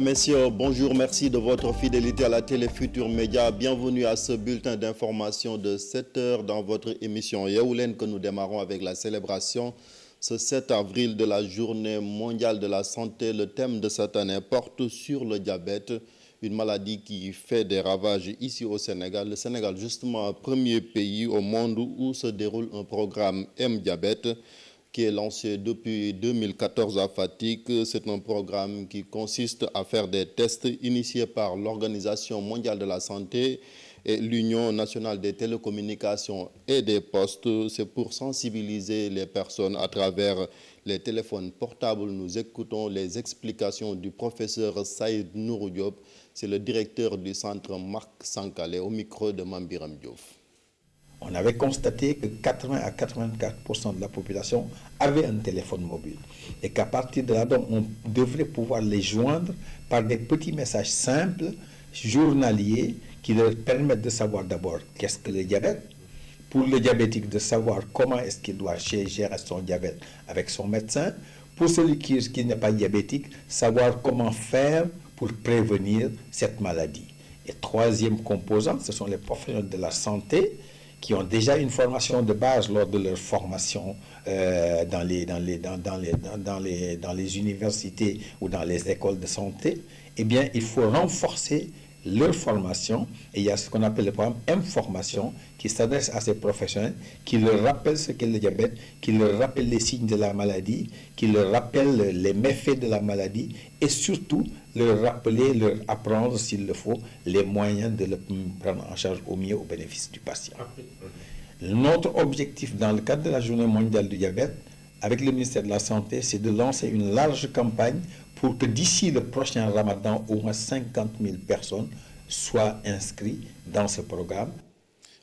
Mesdames, Messieurs, bonjour, merci de votre fidélité à la télé Futur Média. Bienvenue à ce bulletin d'information de 7 heures dans votre émission Yeewu Leen que nous démarrons avec la célébration ce 7 avril de la Journée mondiale de la santé. Le thème de cette année porte sur le diabète, une maladie qui fait des ravages ici au Sénégal. Le Sénégal, justement, premier pays au monde où se déroule un programme M-Diabète. qui est lancé depuis 2014 à Fatick. C'est un programme qui consiste à faire des tests initiés par l'Organisation mondiale de la santé et l'Union nationale des télécommunications et des postes. C'est pour sensibiliser les personnes à travers les téléphones portables. Nous écoutons les explications du professeur Saïd Nourou Diop. C'est le directeur du centre Marc Sankalé au micro de Mambiram Diouf. on avait constaté que 80 à 84% de la population avait un téléphone mobile et qu'à partir de là, donc, on devrait pouvoir les joindre par des petits messages simples, journaliers, qui leur permettent de savoir d'abord qu'est-ce que le pour le diabétique de savoir comment est-ce qu'il pour celui qui, qui n'est pas diabétique, savoir comment faire pour prévenir cette maladie. Et troisième composante, ce sont les professionnels la santé qui ont déjà une formation de base lors de leur formation euh, dans, les, dans, les, dans, dans, les, dans, les, dans les universités ou dans les écoles de santé, eh bien, il faut renforcer leur formation. Et il y a ce qu'on appelle le programme information qui s'adresse à ces professionnels, qui leur rappelle ce qu'est le diabète, qui leur rappelle les signes de la maladie, qui leur rappelle les méfaits de la maladie et surtout leur rappeler, leur apprendre s'il le faut, les moyens de le prendre en charge au mieux au bénéfice du patient. Notre objectif dans le cadre de la journée mondiale du diabète, avec le ministère de la Santé, c'est de lancer une large campagne pour que d'ici le prochain ramadan, au moins 50 000 personnes soient inscrites dans ce programme.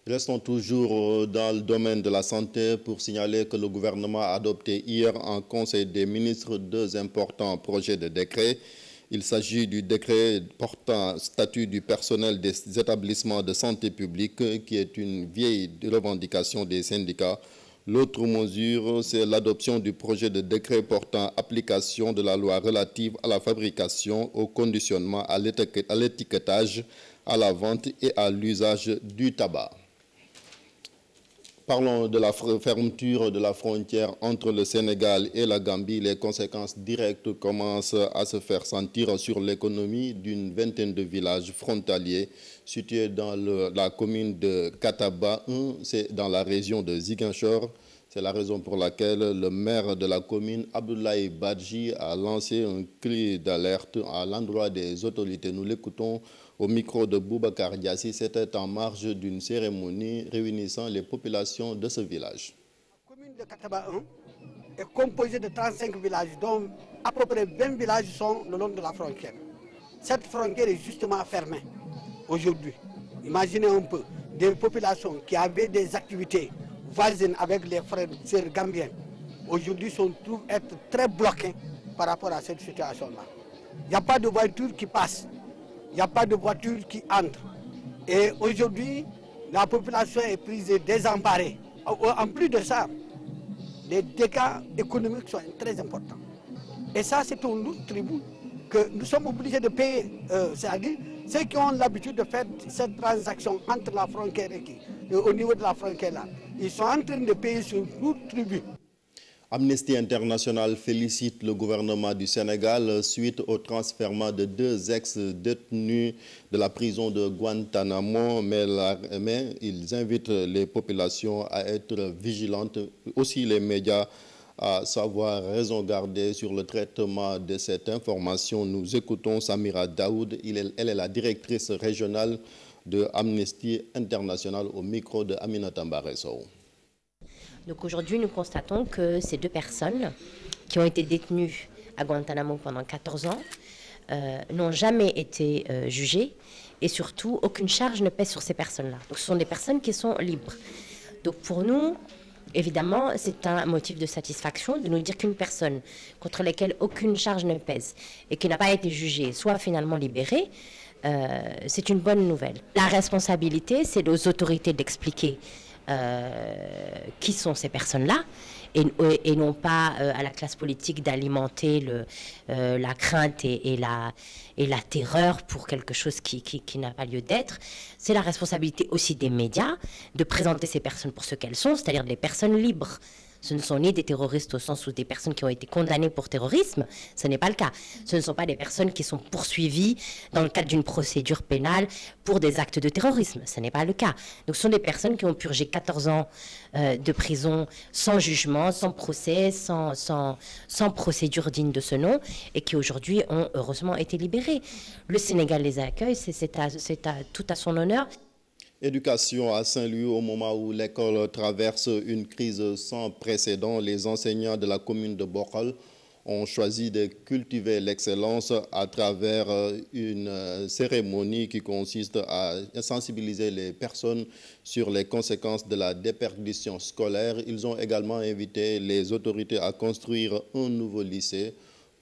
Restons toujours euh, dans le domaine de la santé pour signaler que le gouvernement a adopté hier en Conseil des ministres deux importants projets de décret. Il s'agit du décret portant statut du personnel des établissements de santé publique qui est une vieille revendication des syndicats. L'autre mesure, c'est l'adoption du projet de décret portant application de la loi relative à la fabrication, au conditionnement, à l'étiquetage, à la vente et à l'usage du tabac. Parlons de la fermeture de la frontière entre le Sénégal et la Gambie. Les conséquences directes commencent à se faire sentir sur l'économie d'une vingtaine de villages frontaliers situés dans le, la commune de Kataba 1, c'est dans la région de Ziguinchor. C'est la raison pour laquelle le maire de la commune, Abdoulaye Badji, a lancé un cri d'alerte à l'endroit des autorités. Nous l'écoutons Au micro de Boubacar Diassi, c'était en marge d'une cérémonie réunissant les populations de ce village. La commune de Kataba 1 est composée de 35 villages, dont à peu près 20 villages sont le long de la frontière. Cette frontière est justement fermée aujourd'hui. Imaginez un peu des populations qui des activités voisines avec les frères sœurs gambiens. Aujourd'hui, se trouvent être très bloqués par rapport à cette a il n'y a pas de voiture qui entre. Et aujourd'hui, la population est prise et désemparée. Euh, en plus de ça, les dégâts économiques sont très importants. Et ça, c'est pour nous, tribut, que nous sommes obligés de payer, euh, c'est-à-dire ceux qui ont l'habitude de faire cette transaction entre la frontière et qui, et euh, au niveau de la frontière là, ils sont en train de payer sur nous tribut. Amnesty International félicite le gouvernement du Sénégal suite au transfert de deux ex-détenus de la prison de Guantanamo, mais, la, mais ils invitent les populations à être vigilantes, aussi les médias, à savoir raison garder sur le traitement de cette information. Nous écoutons Samira Daoud, elle est la directrice régionale de Amnesty International au micro de Aminata Mbaye Sow. Donc aujourd'hui, nous constatons que ces deux personnes qui ont été détenues à Guantanamo pendant 14 ans euh, n'ont jamais été euh, jugées et surtout aucune charge ne pèse sur ces personnes-là. Donc ce sont des personnes qui sont libres. Donc pour nous, évidemment, c'est un motif de satisfaction de nous dire qu'une personne contre laquelle aucune charge ne pèse et qui n'a pas été jugée soit finalement libérée, euh, c'est une bonne nouvelle. La responsabilité, c'est aux autorités d'expliquer Euh, qui sont ces personnes-là et, et, non pas euh, à la classe politique d'alimenter euh, la crainte et, et, la, et la terreur pour quelque chose qui, qui, qui n'a pas lieu d'être. C'est la responsabilité aussi des médias de présenter ces personnes pour ce qu'elles sont, c'est-à-dire des personnes libres. Ce ne sont ni des terroristes au sens où des personnes qui ont été condamnées pour terrorisme, ce n'est pas le cas. Ce ne sont pas des personnes qui sont poursuivies dans le cadre d'une procédure pénale pour des actes de terrorisme, ce n'est pas le cas. Donc ce sont des personnes qui ont purgé ans euh, de prison sans jugement, sans de ce nom et qui aujourd'hui ont heureusement été libérées. Le Sénégal les accueille, c'est tout à son honneur. Éducation à Saint-Louis au moment où l'école traverse une crise sans précédent, les enseignants de la commune de Bokhol ont choisi de cultiver l'excellence à travers euh, une euh, cérémonie qui consiste à sensibiliser les personnes sur les conséquences de la déperdition scolaire. Ils ont également invité les autorités à construire un nouveau lycée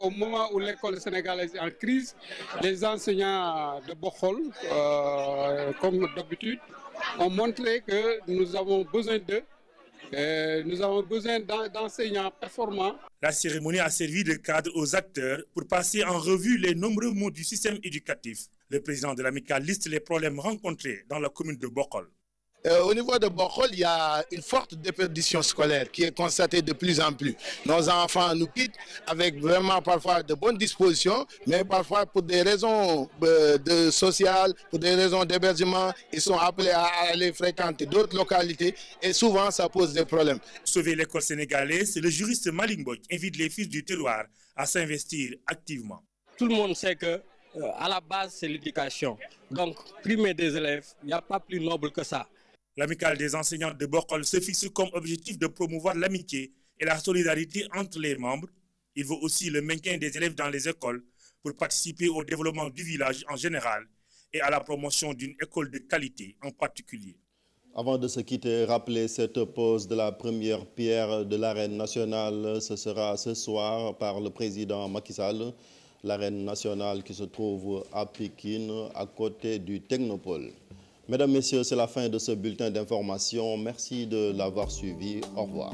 au moment où l'école sénégalaise est en crise, des enseignants de Bokhol, euh, comme d'habitude, ont montré que nous avons besoin d'eux. d'enseignants performants. La cérémonie a servi de cadre aux acteurs pour passer en revue les nombreux mots du système éducatif. Le président de l'amicale liste les problèmes rencontrés dans la commune de Bokhol. Euh, au niveau de Bokhol, il y a une forte déperdition scolaire qui est constatée de plus en plus. Nos enfants nous quittent avec vraiment parfois de bonnes dispositions, mais parfois pour des raisons euh, de pour des raisons d'hébergement, ils sont appelés à aller fréquenter d'autres localités et souvent ça pose des problèmes. Sauver l'école sénégalaise, le juriste Malingbok invite les fils du terroir à s'investir activement. Tout le monde sait que euh, à la base c'est l'éducation. Donc primer a pas ça. L'amicale des enseignants de Bokol se fixe comme objectif de promouvoir l'amitié et la solidarité entre les membres. Il veut aussi le maintien des élèves dans les écoles pour participer au développement du village en général et à la promotion d'une école de qualité en particulier. Avant de se quitter, rappelez cette pose de la première pierre de l'arène nationale. Ce sera ce par le président Macky Sall, l'arène nationale qui se trouve à Pékin, à côté du Technopole. Mesdames, Messieurs, c'est la fin de ce bulletin d'information. Merci de l'avoir suivi. Au revoir.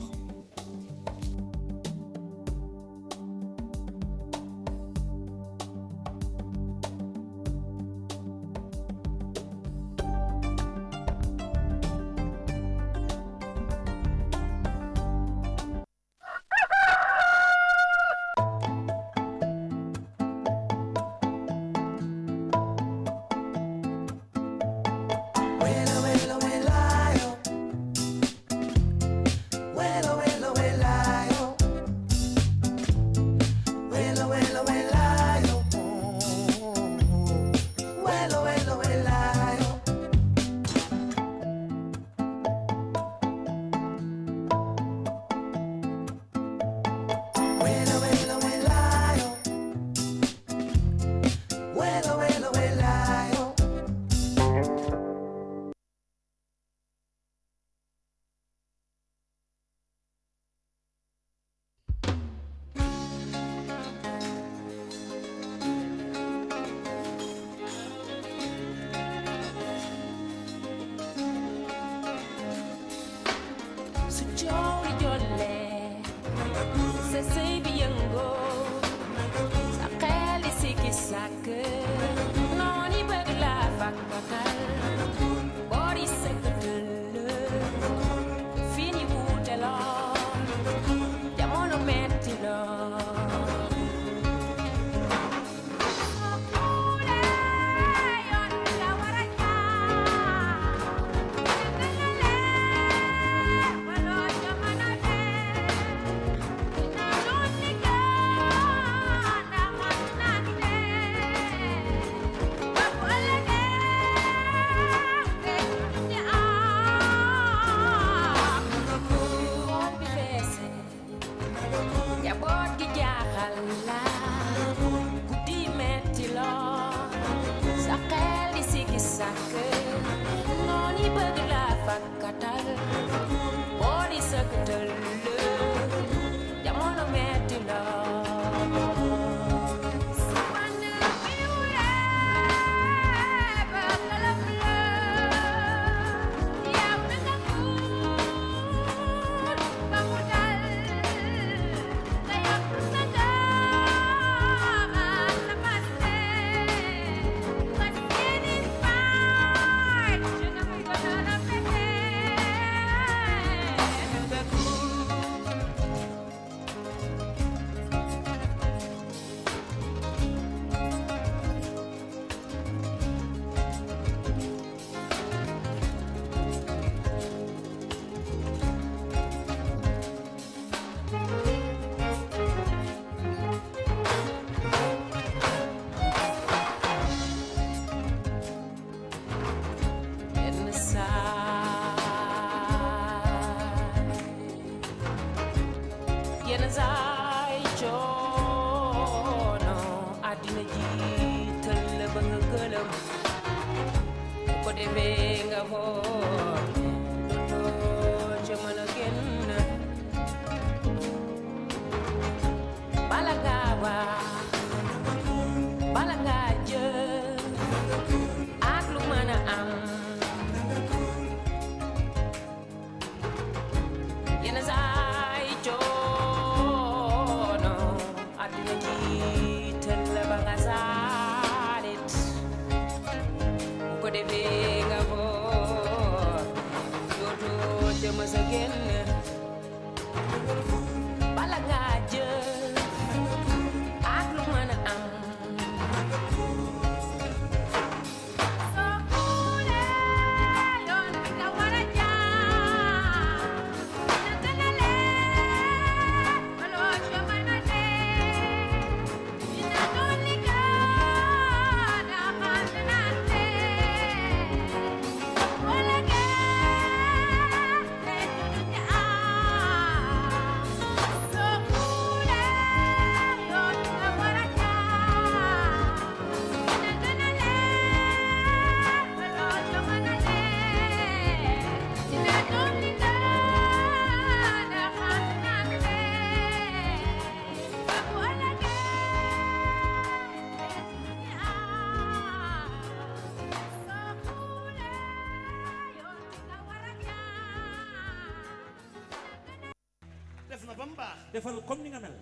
defal comme ni nga mel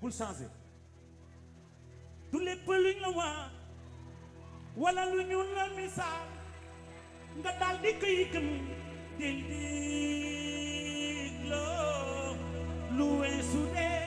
bul changé du lépp la waa wala lu ñu la misaal nga daal di koy gëm lu weesu dee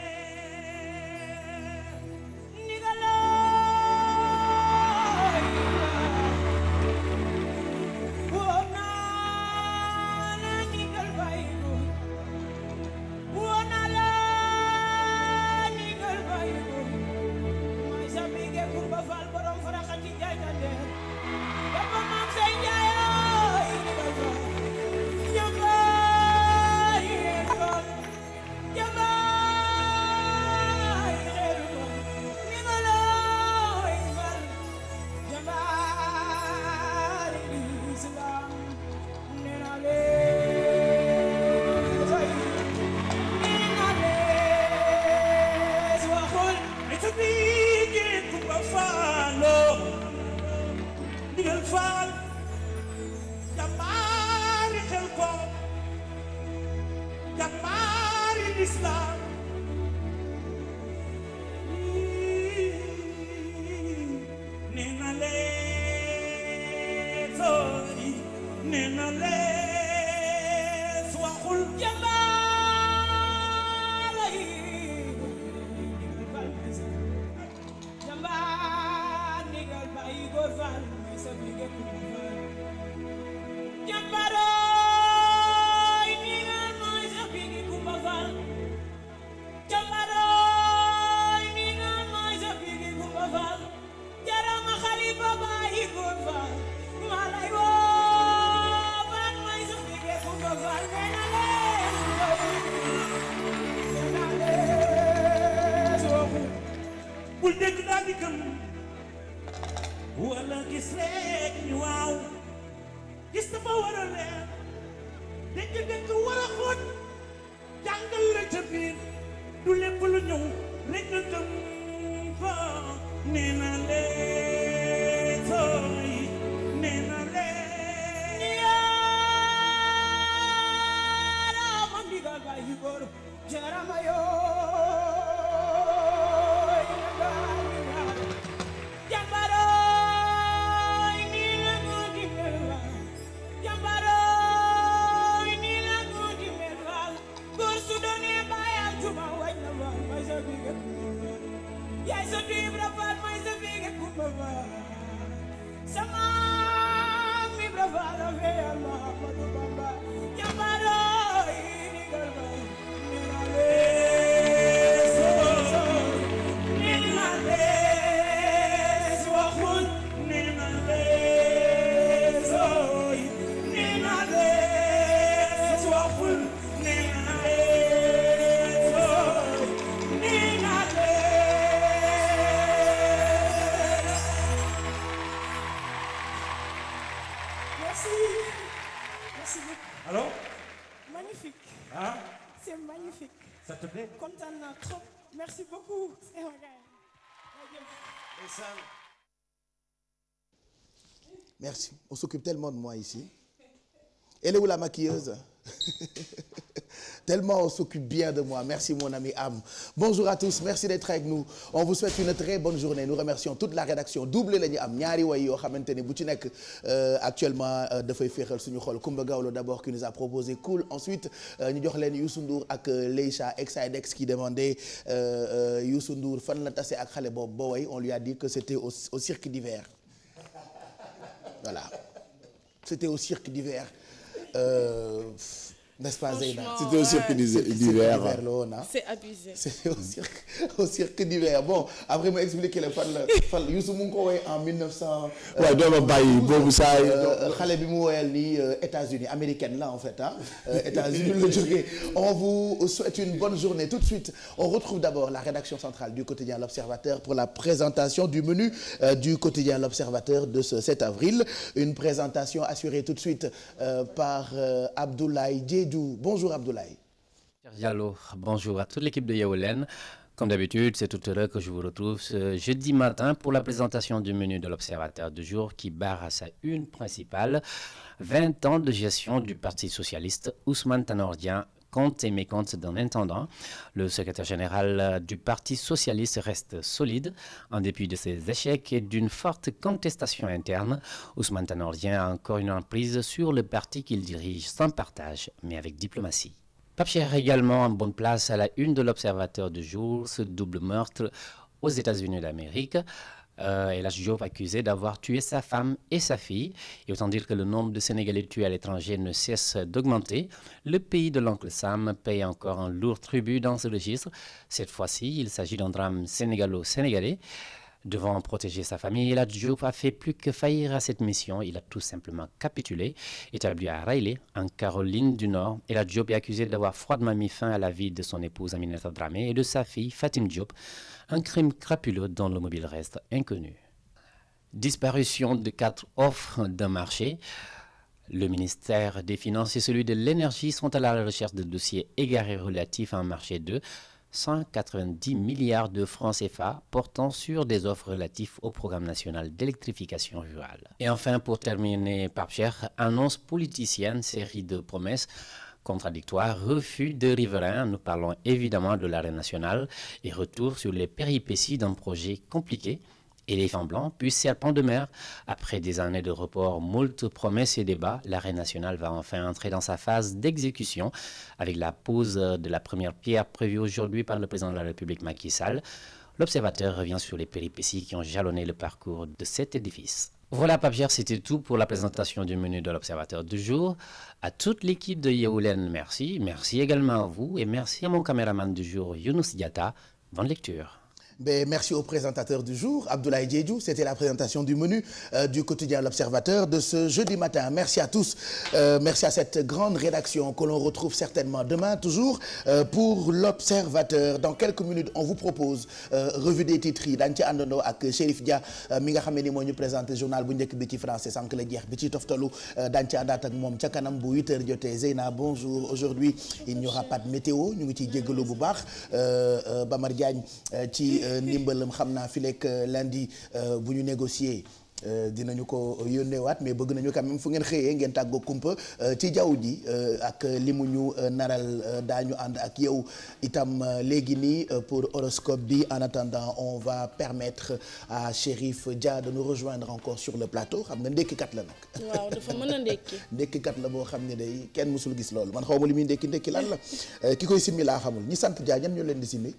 s'occupe tellement de moi ici. Elle la maquilleuse? Tellement on s'occupe bien de moi. Merci mon ami Am. Bonjour à tous. Merci d'être avec nous. On vous souhaite une très bonne journée. Nous remercions toute la rédaction. double la ñu am ñaari way yoo xamante ne bu ci nekk euh, actuellement euh, dafay féexal suñu xol Kumba Gawlo d'abord qui nous a proposé Cool. Ensuite euh, ñu jox leen Youssou Ndour ak Leïcha Exidex qui demandait Youssou Ndour fan la tase ak xale boobu ba way on lui a dit que au au cirque d'hiver. c'était au cirque d'hiver euh, n'est-ce pas Zeyna c'était au cirque d'hiver la c'est au cirque d'hiver bon après ma expliqué la fan la mu ngi ko woy en 1900 waaw euh, doo ma bàyyi boobu euh, euh, bi mu woyal nii États-Unis américaine là en fait la jógee on vous souhaite une bonne journée tout de suite on retrouve d'abord la rédaction centrale du quotidien l'Observateur pour la présentation du menu du quotidien l'Observateur de ce 7 avril une présentation assurée tout de suite par Abdoulaye Seydou. Bonjour Abdoulaye. Cher Diallo, bonjour à toute l'équipe de Yeewu Leen. Comme d'habitude, c'est tout heureux que je vous retrouve ce jeudi matin pour la présentation du menu de l'Observateur du jour qui barre à sa une principale 20 ans de gestion du Parti socialiste Ousmane Tanor Dieng Conte et mécompte d'un intendant. Le secrétaire général euh, du Parti socialiste reste solide en dépit de ses échecs et d'une forte contestation interne. Ousmane Tanordien a encore une emprise sur le parti qu'il dirige sans partage mais avec diplomatie. Pape Cheikh également en bonne place à la une de l'Observateur du jour, ce double meurtre aux États-Unis d'Amérique. Euh, et la Diop accusé d'avoir tué sa femme et sa fille. Et autant dire que le nombre de Sénégalais tués à l'étranger ne cesse d'augmenter. Le pays de l'oncle Sam paye encore un lourd tribut dans ce registre. Cette fois-ci, il s'agit d'un drame sénégalo-sénégalais. Devant protéger sa famille, la Diop a fait plus que faillir à cette mission. Il a tout simplement capitulé. Établi à Raleigh, en Caroline du Nord, et la Diop est accusée d'avoir froidement mis fin à la vie de son épouse Aminata Dramé et de sa fille Fatim Diop. Un crime crapuleux dont le mobile reste inconnu. Disparition de quatre offres d'un marché. Le ministère des Finances et celui de l'Énergie sont à la recherche de dossiers égarés relatifs à un marché 190 milliards de francs CFA portant sur des offres relatives au programme national d'électrification rurale. Et enfin, pour terminer, Pape Cheikh, annonce politicienne, série de promesses contradictoires, refus de riverains, nous parlons évidemment de l'arène nationale et retour sur les péripéties d'un projet compliqué éléphant blanc, puis serpent de mer. Après des années de report, moult promesses et débats, l'arrêt national va enfin entrer dans sa phase d'exécution avec la pose de la première pierre prévue aujourd'hui par le président de la République Macky Sall. L'observateur revient sur les péripéties qui ont jalonné le parcours de cet édifice. Voilà, Papier, c'était tout pour la présentation du menu de l'Observateur du jour. À toute l'équipe de Yeoulen, merci. Merci également à vous et Ben, merci au présentateur du jour, Abdoulaye Diédhiou. C'était la présentation du menu euh, du quotidien L'Observateur de ce jeudi matin. Merci à tous. Euh, merci à cette grande rédaction que l'on retrouve certainement demain, toujours euh, pour L'Observateur. Dans quelques minutes, on vous propose revue des titres yi dañ ci ak Chérif Dia mi nga xam ne ni moo ñu présenté journal bu njëkk bi ci français sànq la jeex bi ci toftalu dañ ci àndaat ak moom ca kanam bu 8 heures jotee. Zeyna, bonjour. ñu ngi ciy jéggalu bu baax Bamar Diagne ndimbalam xam naa fi lekk euh, lundi euh, bu ñu négocier. Euh, dinañu ko waat mais bëgg nañu quand même fu ngeen xëyee ngeen tàggoo kumpa ci jaww ji ak li mu ñu naral daañu ànd ak yow itam léegi nii pour horoscope bi en attendant on va permetre à Chérif Dia de nous rejoindre encore sur le plateau xam nga ndékkikat la nag. waaw dafa mën a ndékki. ndékkikat la boo xam ne day kenn mësul gis loolu man xaw ma li muy ndékki ndékki lan la ki koy simmi laa xamul ñi sant Dia ñan ñu leen di simmi.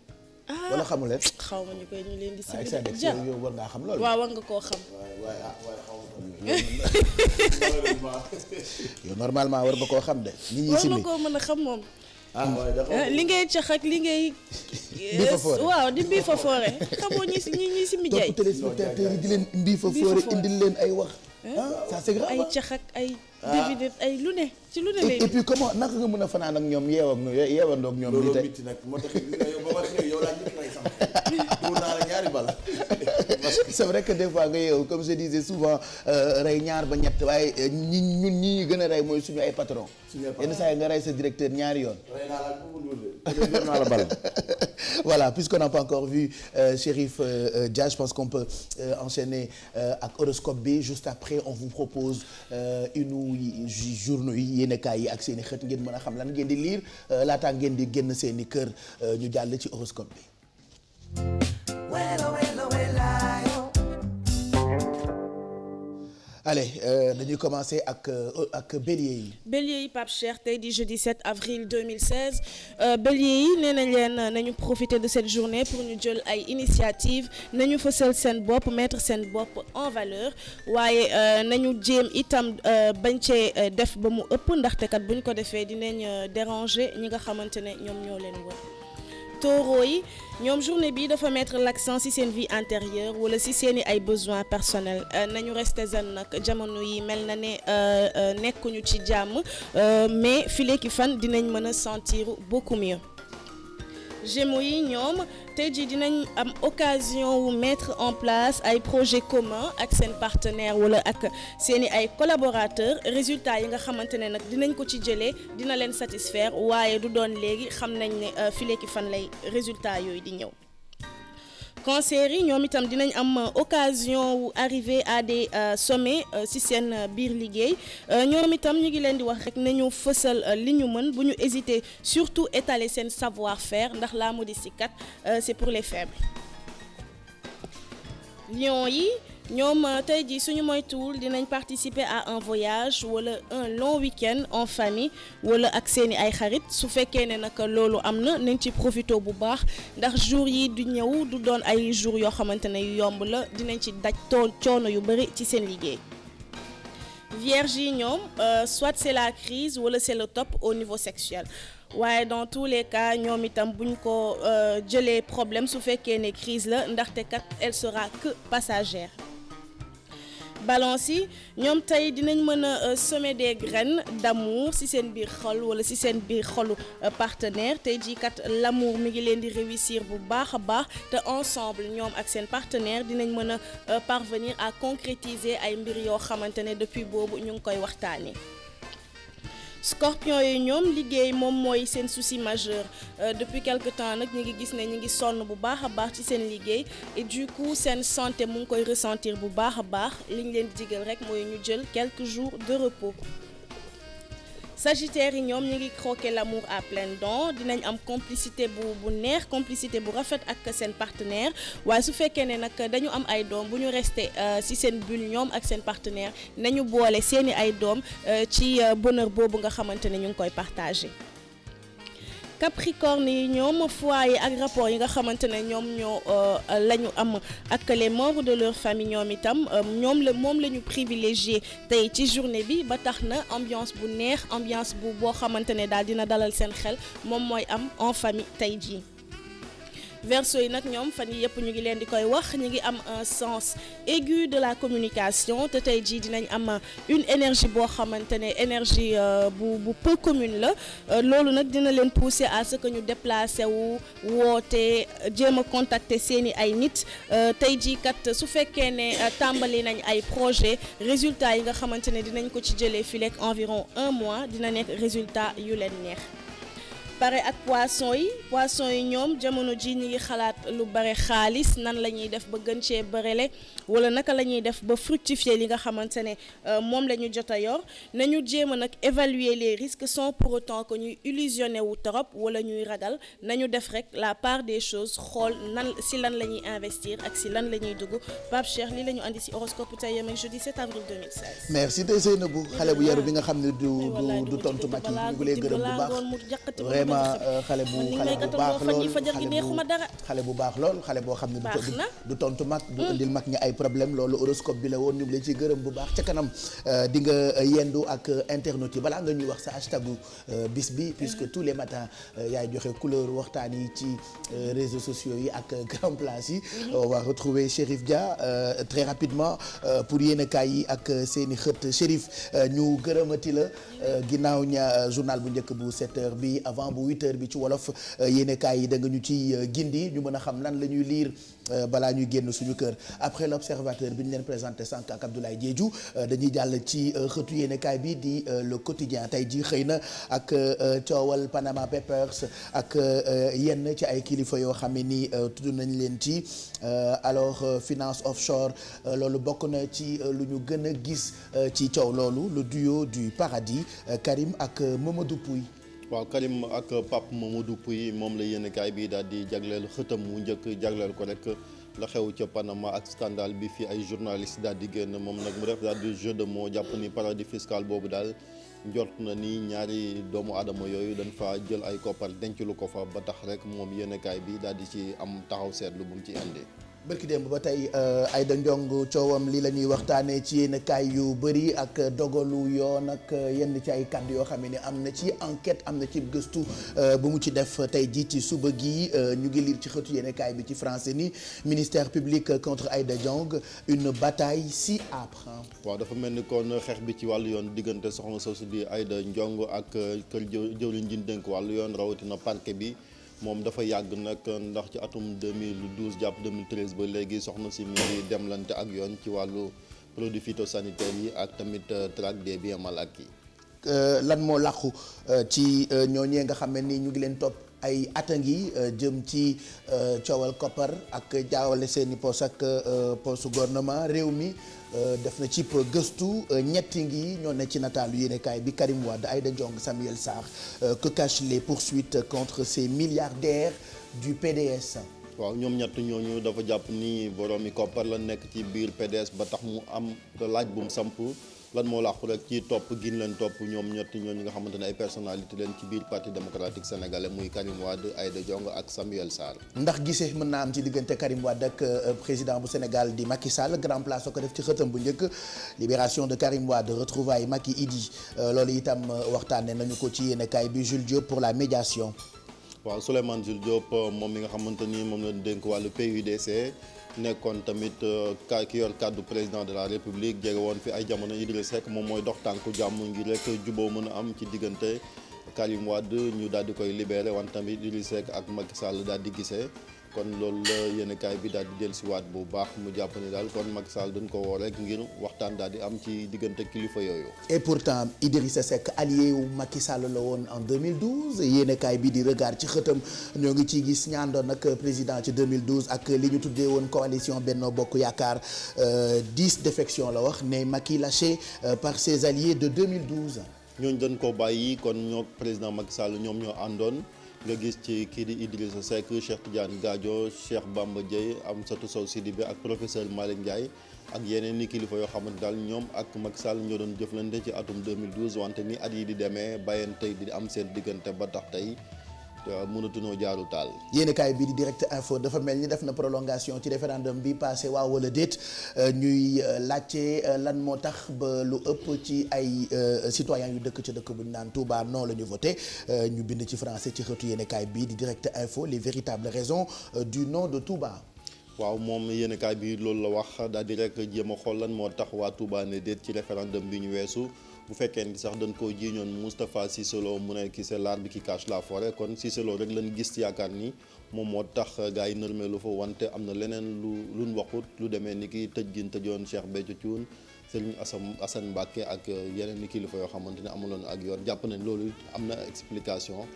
Ah, wala xamu leen. xaw ma ñu koy ñu leen di. si yow war ngaa xam loolu. waaw war nga koo xam. yow normalement war nga koo xam de. ñi ñuy simbi war mën a xam moom. Ah, li ngay cax ak li topp téléspectateur di leen mbii fa foore indil leen ay wax. Ah, ça c'est grave ay cax ay. Ah. dévider ay lu ne ci lu ne lay. comment naka nga mën a fanaan ak ñoom yeew ak yeewandoo ak ñoom. lii tey loolu nag moo tax yow ba ma xëy yow c'est vrai que des fois nga yeewu comme je disais souvent euh, rey ñaar ba ñett waaye euh, ñi ñun ñi ñu gën a rey mooy suñu ay patron yenn saa yi nga rey sa directeur ñaari yoon. voilà puisqu'on n'a pas encore vu euh, Chérif euh, euh Dia euh, je pense qu'on peut euh, enchaîner euh, ak horoscope bi juste après on vous propose une journée yi yéenekaay yi ak seen i xët ngeen mën a xam lan ngeen di lire laataa ngeen di génn seen kër ñu jàll ci horoscope allez euh, dañuy commencer ak euh, ak bélier yi. bélier yi Pape Cheikh tey di jeudi 7 avril 2016 euh, bélier yi nee nañ leen nañu profiter de cette journée pour ñu jël ay initiative nañu fësal seen bopp mettre seen bopp en valeur waaye nañu jéem itam bañ cee def ba mu ëpp ndaxtekat kat buñ ko defee dinañ déranger ñi nga xamante ne ñoom ñoo leen wër taureau ñoom journée bi dafa mettre l'accent ci seen vie intérieure wala ci seeni ay besoins personnels euh, nañu reste zen nag jamono yi mel na ne euh, euh, nekkuñu ci jàmm mais fileeki fan dinañ mën a sentir beaucoup mieux. gémeaux yi ñoom tey jii dinañ am occasion wu mettre en place ay projet commun ak seen partenaire wala ak seeni ay collaborateurs résultat yi nga xamante ne nag dinañ ko ci jëlee dina leen satisfaire waaye du doon léegi xam nañ ne euh, fileeki fan lay résultat yooyu di ñëw conseillers yi ñoom itam dinañ am euh, occasion wu arriver à des euh, sommets ci euh, seen biir liggéey ñoom itam ñu ngi leen di wax rek nañu fësal li ñu mën bu ñu hésiter surtout étaler seen savoir-faire ndax la modestie kat c'est pour les faibles lion yi ñoom euh, tey jii suñu moytuwul dinañ participer à un voyage wala un long week-end en famille wala ak seeni ay xarit su fekkee ne nag loolu am na nañ ci profité bu baax ndax jour yi du ñëw du doon ay jour yoo xamante ne yu yomb la dinañ ci daj tool coono yu bari ci seen liggéey. Vierge yi ñoom euh, soit c'est la crise wala c'est le au niveau sexuel. waaye dans tous les cas ñoom itam bu ñu ko euh, jëlee problème su fekkee ne crise la ndaxte kat elle sera que passagère balance yi ñoom tey dinañ mën a euh, semer des graines d'amour ci seen biir xol wala ci seen biir xolu euh, partenaire tey jii kat l'amour mi ngi leen di réussir bu baax a baax te ensemble ñoom ak seen partenaire dinañ mën a euh, parvenir à concrétiser ay mbir yoo xamante ne depuis boobu ñu ngi koy waxtaanee. scorpion yi ñoom liggéey moom mooy seen souci majeur euh, depuis quelque temps nag ñu ngi gis ne ñu ngi sonn bu baax a baax ci seen liggéey et du coup seen santé mu ngi koy ressentir bu baax a baax li ñu leen digal rek mooy ñu jël quelque jour de repos sagittaire yi ñoom ñu ngi croquer l'amour à pleines dents dinañ am complicité bu bu neex complicité bu rafet ak seen partenaire waaye su fekkee ne nag dañu am ay doom bu ñu rester euh, ci seen bulle ñoom ak seen partenaire nañu boole seeni ay doom euh, ci euh, bonheur boobu nga xamante ne ñu ngi koy partager. Capricorne yi ñoom foyer ak rapport yi nga xamante ne ñoom ñoo euh, la ñu am ak les membres de leur famille ñoom itam euh, ñoom la moom la ñu privilégié tey ci journée bi ba tax na ambiance bu neex ambiance bu boo xamante ne daal dina dalal seen xel moom mooy am en famille tey jii. verseau yi nag ñoom fan yi yëpp ñu ngi leen di koy wax ñu ngi am un sens aigu de la communication te tey jii dinañ am une énergie boo xamante ne énergie euh, bu bu peu commune la euh, loolu nag dina leen pousser à ce que ñu déplacé wu woote jéem a contacter seeni ay nit euh, tey jii kat su fekkee ne tàmbali nañ ay projet résultat yi nga xamante ne dinañ ko ci jëlee fileek environ un mois dina nekk résultat yu leen neex pare ak poisson yi poisson yi ñoom jamono jii ñu xalaat lu bare xaalis nan la ñuy def ba gën cee bërele wala naka la ñuy def ba fructifier li nga xamante ne euh, moom la ñu jot a yor nañu jéem a nag évaluer les risques sans pour autant que ñuy illusionné wu trop wala ñuy ragal nañu def rek la part des choses xool nan si lan la ñuy investir ak si lan la ñuy dugg Pape cher li la ñu si horoscope tey yem ak jeudi 7 avril 2016. merci tey Seynabou xale bu yaru bi nga xam ni du ma euh, xale bu xale bu baax lool xale bu baax lool xale boo xam ne du tontu mag du indil mm. mag ñi ay problème loolu horoscope bi la woon ñu ngi leen ci gërëm bu baax ca kanam euh, di nga euh, yendu ak internet yi balaa nga ñuy wax sa hashtagu bis bi puisque mm. tous les matins yaay joxe couleur waxtaan yi ci réseaux sociaux yi ak grand place yi mm-hmm. on va retrouver Chérif Dia très rapidement pour yéenekaay yi ak seeni xët Chérif ñu gërëmati la ginnaaw ña journal bu njëkk bu 7 heures bi avant bu 8 bi ci wolof euh, yéenekaay yi da nga ñu ci euh, gindi ñu mën a xam lan la ñuy liir euh, balaa ñuy génn suñu kër après l'observateur bi ñu leen présenté sànq ak Abdoulaye Diédhiou dañuy jàll ci xëtu yéenekaay bi di le quotidien tey ji xëy na ak coowal Panama Papers ak yenn ci ay kilifa yoo xam ne ni tudd nañ leen ci alors finance offshore loolu bokk na ci lu ñu gën a gis ci cow loolu le duyo du paradis Karim ak Mamadou Pouye waaw Karim ak Pape Mamadou yi moom la yéen kaay bi daal di jagleel xëtam mu njëkk jagleel ko rek la xew ca Panama ak scandale bi fi ay journaliste daal di génn moom nag mu def daal di de moo jàpp ni paradis fiscal boobu daal njort na ni ñaari doomu aadama yooyu dañ fa jël ay koppar denc lu ko fa ba tax rek moom yéen kaay bi daal di ci am taxaw seetlu bu mu ci indi. bërki démb ba tey euh, Aïda Ndiong coowam li la ñuy waxtaanee ci yenn kaay yu bëri ak dogalu yoon ak euh, yenn ci ay kàddu yoo xam ne am na ci enquête am na ci gëstu euh, bu mu ci def tey jii ci suba gii ñu ngi lire ci xëtu yenn kaay bi ci français ni ministère public contre Aïda Ndiong une bataille si âpre. waaw dafa mel ni kon xeex bi ci wàllu yoon diggante soxna soosu di Aïda Ndiong ak kër jëwriñ ji dénk wàll yoon rawatina parquet bi. moom dafa yàgg nag ndax ci atum 2012 jàpp 2013 ba léegi soxna si mi ngi demlante ak yoon ci wàllu produit phytosanitaire yi ak tamit euh, traque des biens mal acquis yi euh, lan moo làqu euh, ci ñooñee nga xam ne nii ñu ngi leen topp ay ata ngi euh, jëm ci euh, coowal koppar ak jaawale seeni poos ak euh, poosu gouvernement réew mi def na ci gëstu ñetti ngi ñoo ne ci nataalu yéenekaay bi Karim Wade Aïda Ndiong Samuel Sarr que cachent les contre ces milliardaires du PDS. waaw ñoom ñett ñooñu dafa jàpp ni boroomi koppar la nekk ci biir PDS ba tax mu am laaj bu mu samp lan moo làqu rek ci topp gin leen topp ñoom ñetti ñooñu nga xamante ne ay personnalité leen ci biir parti démocratique sénégalais muy Karim Wade Aïda Diong ak Samuel Sarr. ndax gisee mën naa am ci diggante Karim ak euh, président bu Sénégal di Macky Sall grand place soo ko def ci xëtam bu njëkk libération de Karim Wade retrouvailles Macky Idi euh, loolu itam euh, waxtaanee nañu ko ci yéenekaay bi Jules Diop pour la médiation. waaw Souleymane Jules Diop moom mi nga xamante ni moom la dénk wàllu PUDC. nekkoon tamit euh, ki yor kàddu président de la république jege woon fi ay jamono Idrissa Seck moom mooy dox tànku jàmm ngir rek juboo mën a am ci diggante Karim Wade ñu daal di koy libeere wan tamit Idrissa Seck ak Macky Sall daal di gisee. kon loolu la yéenekaay bi daal di siwaat bu baax mu jàpp ne daal kon Macky Sall dañ ko woo rek ngir waxtaan daal di am ci diggante kilifa yooyu. et pourtant Idrissa Seck allié wu Macky Sall la woon en 2012 yéenekaay bi di regard ci xëtam ñoo ngi ciy gis ñaandoon nag président ci 2012 ak li ñu tuddee woon coalition Benno Bokk Yaakaar 10 euh, défections la wax ne Macky lâché euh, par ses alliés de 2012. ñooñu dañ ko bàyyi kon ñoo président Macky Sall ñoom ñoo àndoon. nga gis ci kii di Idrissa Seck Cheikh Tidiane Gadio Cheikh Bamba Dieye Amsatou Sow Sidibé ak professeur Malick Ndiaye ak yeneen ni kilifa yoo xamante daal ñoom ak mag Sall ñoo doon jëflante ci atum 2012 wante ni at yi di demee bàyyeen di am seen diggante ba tax tey waaw euh, mënatunoo jaaru taal. yéen kaay bii di direct info dafa mel ni def na prolongation ci référendum bi passé waaw wala déet euh, ñuy euh, laajte lan moo tax ba lu ëpp ci ay citoyens yu dëkk ci dëkk bu naan Touba non la ñu voté ñu bind ci français ci xëtu yéen kaay bii di direct info les véritables raisons du no de Touba. waaw moom yéen kaay bi loolu la wax daal di rek jéem a xool lan moo tax waa Touba ne déet ci référendum bi ñu weesu. bu fekkee ni sax dañ koo jiiñoon Moustapha Cissé Lo mu ne ki c'est l'arbre qui cache la forêt kon Cissé rek lañ gis yaakaar ni moom moo tax gars yi normé lu fa wante am na leneen lu luñ waxut lu demee ni ki tëj gin tëjoon Cheikh Béthio Thioune Serigne Assane Assane Mbacké ak yeneen ni kilifa yoo xamante ne amuloon ak yoon jàpp nañ loolu am na explication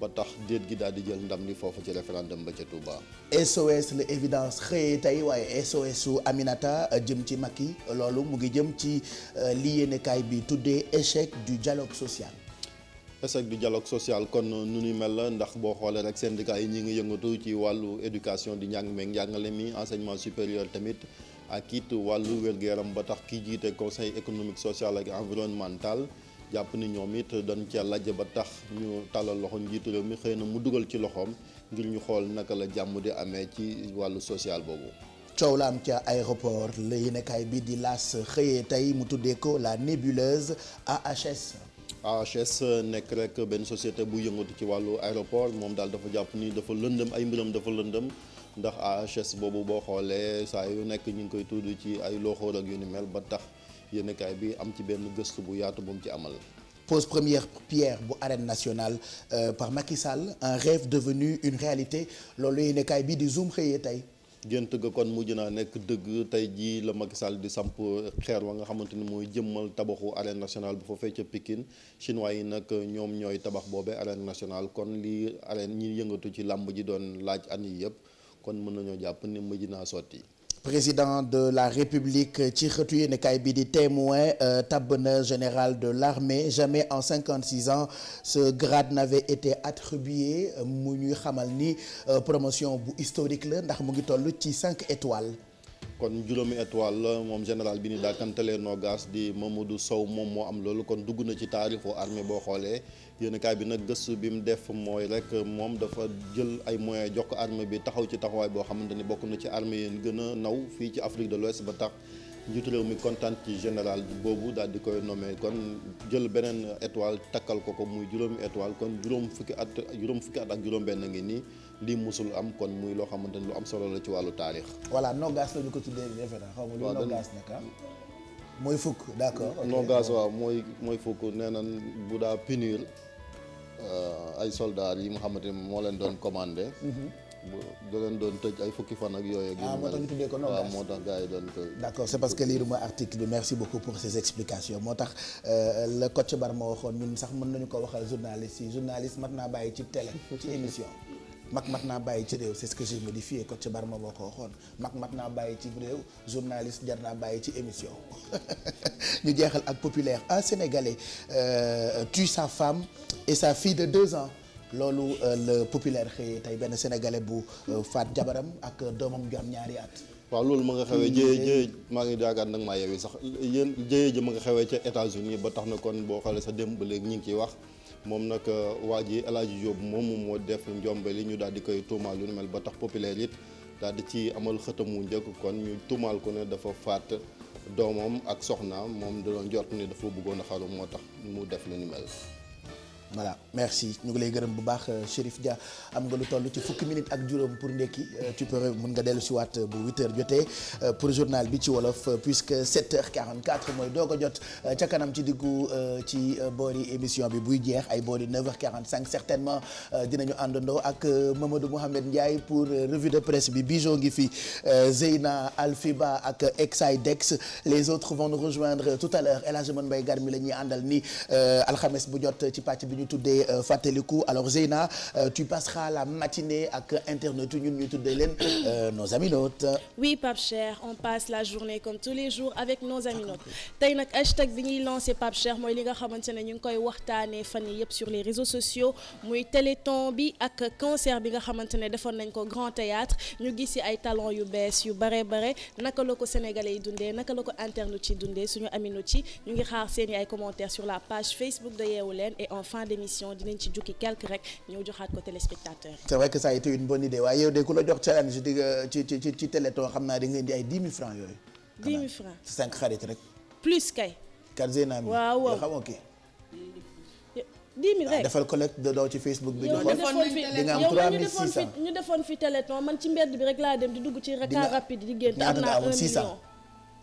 ba tax déet gi daal di jël ndam li foofu ci référendum ba ca Touba. SOS la évidence xëyee tey waaye SOS su Aminata euh, jëm ci Macky loolu mu ngi jëm ci euh, li yéenekaay bi tuddee échec du dialogue social. échec du dialogue social kon nu ni mel la ndax boo xoolee rek syndicat yi ñi ngi yëngatu ci wàllu éducation di njàng meeg njàngale mi enseignement supérieur tamit. ak it wàllu wér-gu-yaram ba tax ki jiite conseil économique social ak environnemental. jàpp ni ñoom it dañ cee lajj ba tax ñu tàllal loxo njiitu réew mi xëy na mu dugal ci loxoom ngir ñu xool naka la jàmm di amee ci wàllu social boobu. coow la am ca aéroport la yéenekaay bi di laas xëyee tey mu tuddee ko la nébuleuse AHS. AHS nekk rek benn société bu yëngatu ci wàllu aéroport moom daal dafa jàpp ni dafa lëndëm ay mbiram dafa lëndëm. ndax AHS boobu boo xoolee saa yu nekk ñu ngi koy tudd ci ay loxoor ak yu ni mel ba tax yéenekaay bi am ci benn gëstu bu yaatu bu ci amal. pose première pierre bu arène nationale euh, par Macky Sall un rêve devenu une réalité loolu yéenekaay bi di zoom xëyee tey. gént ga kon mujj naa nekk dëgg tey jii la Macky Sall di samp xeer wa nga xamante ni mooy jëmmal tabaxu arène nationale bu fa fecc Pikine chinois yi nag ñoom ñooy tabax boobe arène nationale kon lii arène ñi yëngatu ci làmb ji doon laaj at yi yëpp kon mën nañoo jàpp ni mujj naa sotti. président de la république ci xëtu yéenekaay bi di témoin euh, tabb na général de l'armée jamais en cinquante six ans ce grade n'avait été attribué mu ñuy xamal ni euh, promotion bu historique la ndax mu ngi toll ci cinq étoiles kon juróomi étoile la moom général bi ni daakantalee noogaas di Mamadou Sow moom moo am loolu kon dugg na ci taarixu armée boo xoolee yéenekaay bi nag gëstu bi mu def mooy rek moom dafa jël ay moyens jox arme bi taxaw ci taxawaay boo xamante ni bokk na ci armée yéen gën a naw fii ci Afrique de l'Ouest ba tax njiitu réew mi kontaan ci général boobu daal di koy nommé kon jël beneen étoile takkal ko ko muy juróomi étoile kon juróom fukki at juróom fukki at ak juróom-benn ngi nii lii musul am kon muy loo xamante ni lu am solo la ci wàllu taarix. voilà noggaas la ñu ko tuddee defe naa xaw ma lu noggaas nag mooy fukk d'accord non gaz waaw mooy mooy fukk nee nañ bu daa punir euh, ay soldats yi nga xamante ni moo leen doon commandé. Mhm. da doon tëj ay fukki fan ak yooyu. ah moo tax waaw moo tax gars doon tëj. d'accord c'est parce que lii mooy article bi merci beaucoup pour ces explications moo tax euh, la Kocc Barma waxoon ñun sax mën nañu ko waxal journaliste yi journaliste mat naa bàyyi ci télé ci émission. mag mat naa bàyyi ci réew c'est ce que j'ai modifié code ci barma boo ko waxoon mag mat naa bàyyi ci réew journaliste jar naa bàyyi ci émission ñu jeexal ak populaire un sénégalais euh, tue sa femme et sa fille de deux ans loolu euh, le populaire xëyee tey benn sénégalais bu euh, faat jabaram ak doomam ju am ñaari at. waaw loolu ma nga xewee jëye mmh. jëye maa ngi yaakaar nag maa yeewi sax yéen jëye ji ma nga xewee ca États-Unis ba tax na kon boo xoolee sa ba léegi ñu ngi ciy wax. moom nag euh, waa ji El Hadji Diop moom moo def njombe li ñu daal di koy tuumaal lu mel ba tax populaire it daal di ci amal xëtamu njëkk kon ñu tuumaal ko ne dafa faat doomam ak soxnaam moom da doon jot ni dafa bëggoon a xaru moo tax mu def lu ni mel. voilà merci ñu ngi lay gërëm bu baax euh, Chérif Dia am nga lu toll ci fukki minutes ak juróom pour ndekki euh, tu peux mun nga dellu si waat euh, bu 8h jotee pour journal bi ci wolof puisque 7h44 mooy doo ko jot ca kanam ci diggu ci boori émission bi buy jeex ay boori 9h45 certainement dinañu àndandoo ak Mamadou Mouhamed Ndiaye pour revue de presse bi Bijon ngi fi Zeyna Alfiba ak Exidex les autres vont nous rejoindre tout à l'heure El Hadj Mbaye Garmi la ñuy àndal ni alxames bu jot ci pàcc bi. bi ñu tuddee euh, fàttaliku alors Zeyna euh, tu passeras la matinée ak internet ñun ñu tuddee leen euh, nos aminotes. oui Pape Cheikh on passe la journée comme tous les jours avec nos aminotes tey nag hashtag bi ñuy lancé Pape Cheikh mooy li nga xamante ne ñu ngi koy waxtaane fan yi yëpp sur les réseaux sociaux muy téléthon bi ak concert bi nga xamante ne defoon nañ ko grand théâtre ñu gis ci ay talent yu bees yu bare bare naka la ko sénégalais yi dundee naka la ko internet yi dundee suñu aminotes yi ñu ngi xaar seen la page fin d'émission dinañ ci jukki quelque rek ñëw joxaat ko téléspectateur yi. c'est vrai que ça a été une bonne idée waaye yow de ku la jox challenge di ci ci xam naa di nga indi ay 10 000 francs yooyu. 10 000 francs cinq xarit rek. plus kay. Karzena mi waaw waaw xam nga 10 000 rek ah, defal collecte de doo ci Facebook am ñu defoon fi téléthon man ci mbedd bi rek laa dem di dugg ci. car rapide di génn am naa 1 million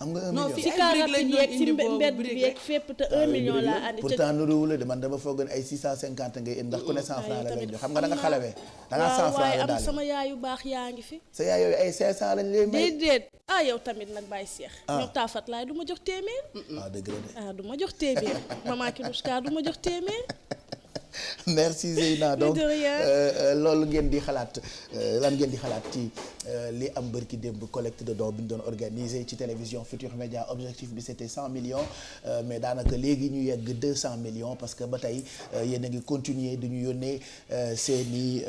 am nga 1 million non si car rapide yeeg si mbedd bi yeeg fépp te 1 laa andi. pourtant nu ruwule de man dama foog ne ay 650 ngay indi ndax ku ne 100 francs la lay jox xam nga da nga xalawee. da nga yaay yu baax yaa ngi fi. sa yaay yooyu ay 500 lañ lay may. déedéet ah yow tamit nag bàyyi seex. ah ñoom laay du ma jox téeméer. ah dëgg la ah, ma jox téeméer maman Kilouska du ma jox téeméer. merci Zeyna donc euh, euh, loolu ngeen di xalaat euh, lan ngeen di xalaat ci li am bërki démb collecte de dons bi ñu doon organisé ci télévision Futur Média objectif bi c'était cent millions mais daanaka léegi ñu yegg deux cent millions parce que ba tey yéen a ngi continuer di ñu yónnee seen i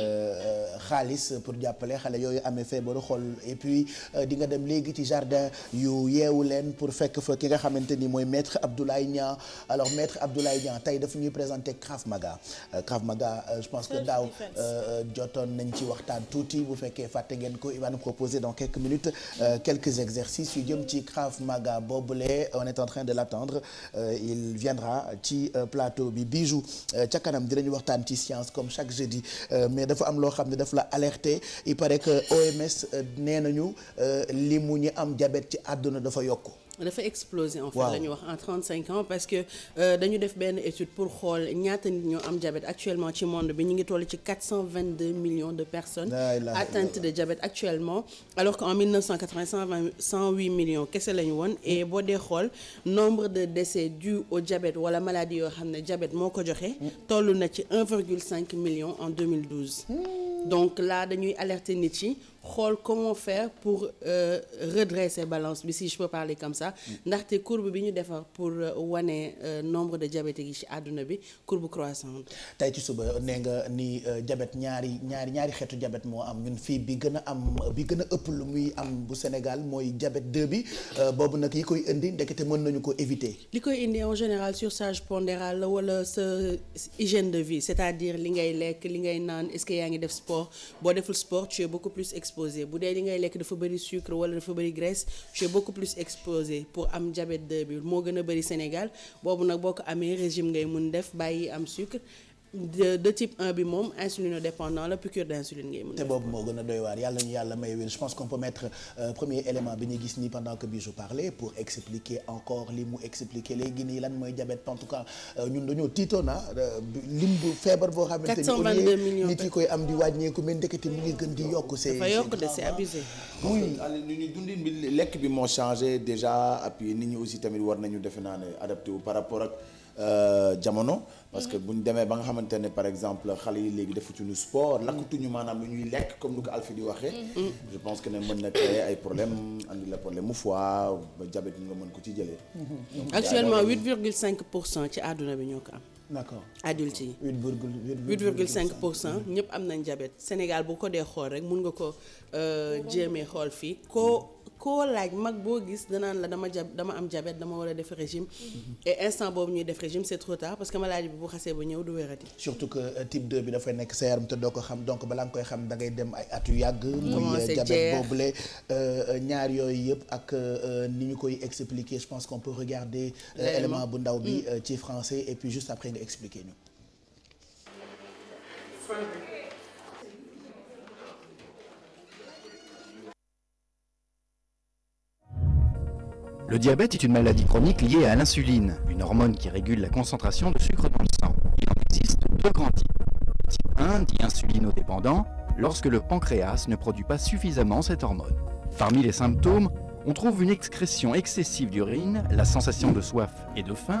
xaalis pour jàppale xale yooyu amee feebaru xol et puis dinga dem léegi ci jardin yu yeewu leen pour fekk fa ki nga xamante ni mooy maître Abdoulaye Niang alors maître Abdoulaye Niang tey daf ñuy présenté. Krav Maga euh, Krav Maga euh, je pense que daaw euh, jotoon nañ ci waxtaan tuuti bu fekkee fàtte ngeen ko il va nous proposer dans quelques minutes quelques exercices yu jëm ci Krav Maga boobule on est en train de l'attendre il viendra ci plateau bi bijou ca kanam dinañu waxtaan ci science comme chaque jeudi mais dafa am loo xam ne dafa la alerté il pare que OMS nee nañu li mu ñu am jabet ci àdduna dafa yokk dafa exploser en fait la ñu wax en 35 ans parce que euh, dañu def benn étude pour xool ñaata nit ñoo am diabète actuellement ci monde bi ñu ngi toll ci 422 millions de personnes atteintes de diabète actuellement alors qu'en en 108 millions kese la ñu woon e boo dee xool nombre de décès dus au diabète wala maladie yoo xam ne diabète moo ko joxe toll na ci 1,5 million en 2012 hmm. donc là dañuy alerte nit yi xool comment faire pour euh, redresser balance bi si je peux parler comme ça mm. ndaxte courbe bi ñu defar pour euh, wane euh, nombre de diabétiques gi ci àdduna bi courbe croissante tey ci suba nee nga ni jabet euh, ñaari ñaari ñaari xeetu jabet moo am ñun fii bi gën a am bi gën a ëpp lu muy am bu Sénégal mooy jabet 2 bi boobu nag yi koy indi ndekete mën nañu ko éviter li koy indi en général surcharge pondérale la wala sa hygiène de vie c'est-à-dire li ngay lekk li ngay naan est yaa ngi def sport boo deful sport exposé bu dee li ngay lekk dafa bari sucre wala dafa bëri graisse tu es plus exposé pour am jabet 2 bi moo gën a bëri Sénégal boobu nag boo ko amee régime ngay mun def bàyyi am sucre de de type 1 bi moom insulinodépendant la piqûre d'insuline ngay mën te boobu moo gën a doy waar yàlla ñu yàlla may wér je pense qu'on peut mettre euh, premier élément bi ñu gis nii pendant que Bijou parlait pour expliquer encore li mu expliquer léegi nii lan mooy diabète en tout cas euh, ñun dañoo tiitoon ah, euh, lim bu feebar boo xamante ni 422 millions nit yi koy am di wàññeeku mais ndekete mu ngi gën di yokk c'est dafa yokk de c'est abusé oui dundin bi lekk bi moo changé déjà appuyé nit ñi aussi tamit war nañu defe naa ne adapté wu par rapport ak Euh, jamono. parce que bu ñu demee ba nga xamante ne par exemple xale yi léegi ci defatuñu sport lakkatuñu maanaam lu ñuy lekk comme nu ko Alfie di waxee. Mm-hmm. je pense que ne mën na créer ay problème andi la problème mu foie ba diabète nga mën ko ci jëlee. Mm-hmm. actuellement 8,5 pour cent ci àdduna bi ñoo ko am. d'accord adulte yi. 8,5 pour cent ñëpp am nañ diabète Sénégal bu ko dee xool rek mun nga ko euh, jéemee xool fii ko. koo laaj mag boo gis danaan la dama ja dama am jabet dama war a def régime mhm. et instant boobu ñuy def régime c'est trop tard parce que maladie bi bu xasee ba ñëw du wérati surtout que euh, type 2 bi dafay nekk sa yaram te doo ko xam donc balaa nga koy xam da ngay dem ay at yu yàgg muy euh, jabet boobule euh, ñaar yooyu yëpp ak ni ñu koy expliquer je pense qu'on peut regarder élément bu ndaw bi mm. ci français et puis juste après nga expliquer ñu Le diabète est une maladie chronique liée à l'insuline, une hormone qui régule la concentration de sucre dans Il en existe deux grands types. Le type 1, dit insulinodépendant, lorsque le pancréas ne produit pas suffisamment cette hormone. Parmi les symptômes, on trouve une excrétion excessive d'urine, la sensation de soif et de faim,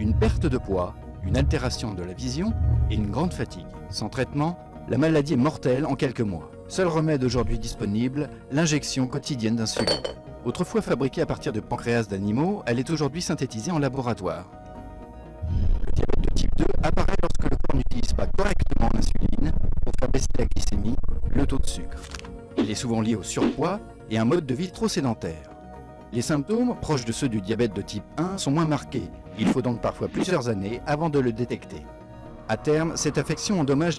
une perte de poids, une altération de la vision et une grande fatigue. Sans traitement, la maladie est mortelle en quelques mois. Seul Autrefois fabriquée à partir de pancréas d'animaux, elle est aujourd'hui synthétisée en laboratoire. Le diabète de type 2 apparaît lorsque le corps n'utilise pas correctement l'insuline pour faire baisser la glycémie, le taux de sucre. Il est souvent lié au surpoids et à un mode de vie trop sédentaire. Les symptômes, proches de ceux du diabète de type 1, sont moins marqués. Il faut donc parfois plusieurs années avant de le détecter. À terme, cette affection endommage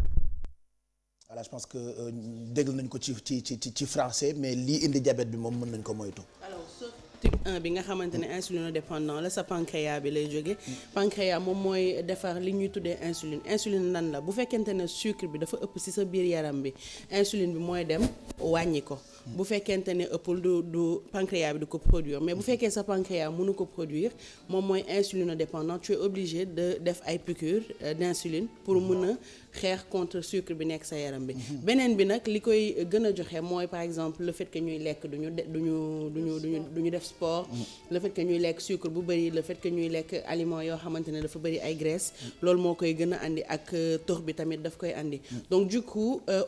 voilà je pense que euh, déglu nañ ko ci ci ci ci français mais lii indi jabet bi moom mën nañ ko moytu. alors sauf type 1 bi nga xamante ne insulin dépendant la sa pancréas bi lay jógee. Mm. pancréas moom mooy defar li ñuy tuddee insuline insuline lan la bu fekkente ne sucre bi dafa ëpp si sa biir yaram bi insuline bi mooy dem wàññi ko. bu fekkente ne ëppul du du pancréas bi du ko produire mais bu fekkee sa pancréas mënu ko produire moom mooy insulinodépendant tu es obligé de def ay piqûre euh, d'insuline pour mën a xeex contre sucre bi nekk sa yaram bi. Mhm. beneen bi nag li koy gën a joxe mooy par exemple le fait que ñuy lekk duñu de duñu duñu duñu duñu def sport. Mhm. le fait ñuy lekk sucre bu bëri le fait ñuy lekk aliment yoo xamante ne dafa bëri ay graisse. Mhm. loolu moo koy gën a andi ak euh, tox bi tamit daf koy indi donc du coup euh,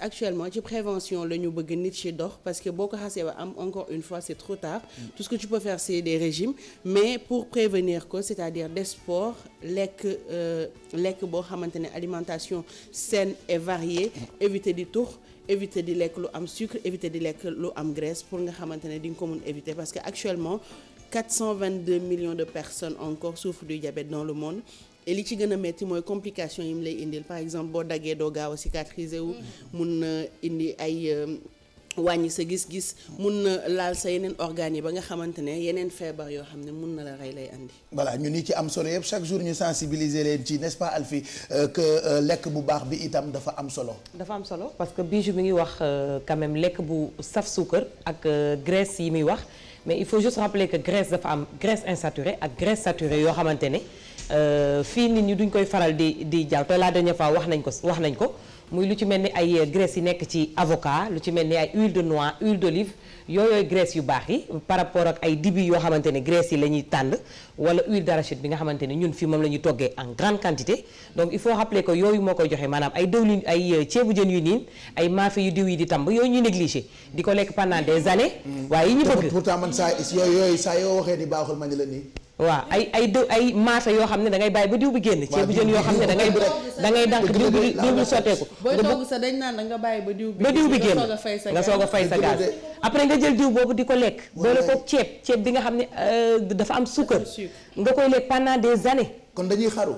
actuellement ci prévention la ñu bëgg dox parce que boo ko xasee ba am encore une fois c'est trop tard mm. tout ce que tu peux faire c'est des régimes mais pour prévenir ko c'est-à-dire des sports lekk euh, lekk boo xamante ne alimentation saine et variée éviter di tux éviter di lekk lu am sucre éviter di lekk lu am graisse pour nga xamante ne di nga ko mun éviter parce que actuellement 422 millions de personnes encore souffrent du diabète dans le monde et li ci gën a metti mooy complication yi mu lay indil par exemple boo daggee doo gaaw a cicatriser wu mm. mun na indi ay euh, wàññi sa gis-gis mun na laal sa yeneen organes yi ba nga xamante ne yeneen feebar yoo xam ne mun na la rey lay indi voilà ñu ni ci am solo yëpp chaque jour ñu sensibiliser leen ci n'est-ce pas Alfie euh, que euh, lekk bu baax bi itam dafa am solo. dafa am solo parce que bijou mi ngi wax euh, quand lekk bu saf suukar ak graisse yi muy wax mais il faut juste rappeler que graisse dafa am graisse insaturée ak graisse saturée yoo xamante ne fii nit ñi duñ koy faral di di jàll te la dernière fois wax nañ ko wax nañ ko. muy lu ci mel ni ay euh, graisse yi nekk ci avocat lu ci mel ni ay huile de noix huile d'olive yooyooy graisse yu baax yi par rapport ak ay dibi yoo xamante ne graisse yi la ñuy tànn wala huile d'arachide bi nga xamante ne ñun fii moom la ñuy toggee en grande quantité donc il faut rappeler que yooyu moo koy joxe maanaam ay dëwlin ay euh, ceebu jën yu niin ay maafe yu diw yi di tàmb yooyu ñuy négligé di ko lekk pendant des années mm. waaye yi ñu bëgg man saa yooyu saa yoo waxee ni baaxul ma ni la nii waaw ay ay d ay maasa yoo xam ne da ngay bàyyi ba diw bi génn ceebu jën yoo xam ne dangay ngay da ngay dànk diw bi diw bi sotteeku sa dañ naan nga bàyyi ba diw bi ba diw bi génn nga soog fay sa gaz après nga jël diw boobu di ko lekk boo boole ko ceeb ceeb bi nga xam ne euh, dafa am suukar nga koy lekk pendant des années kon dañuy xaru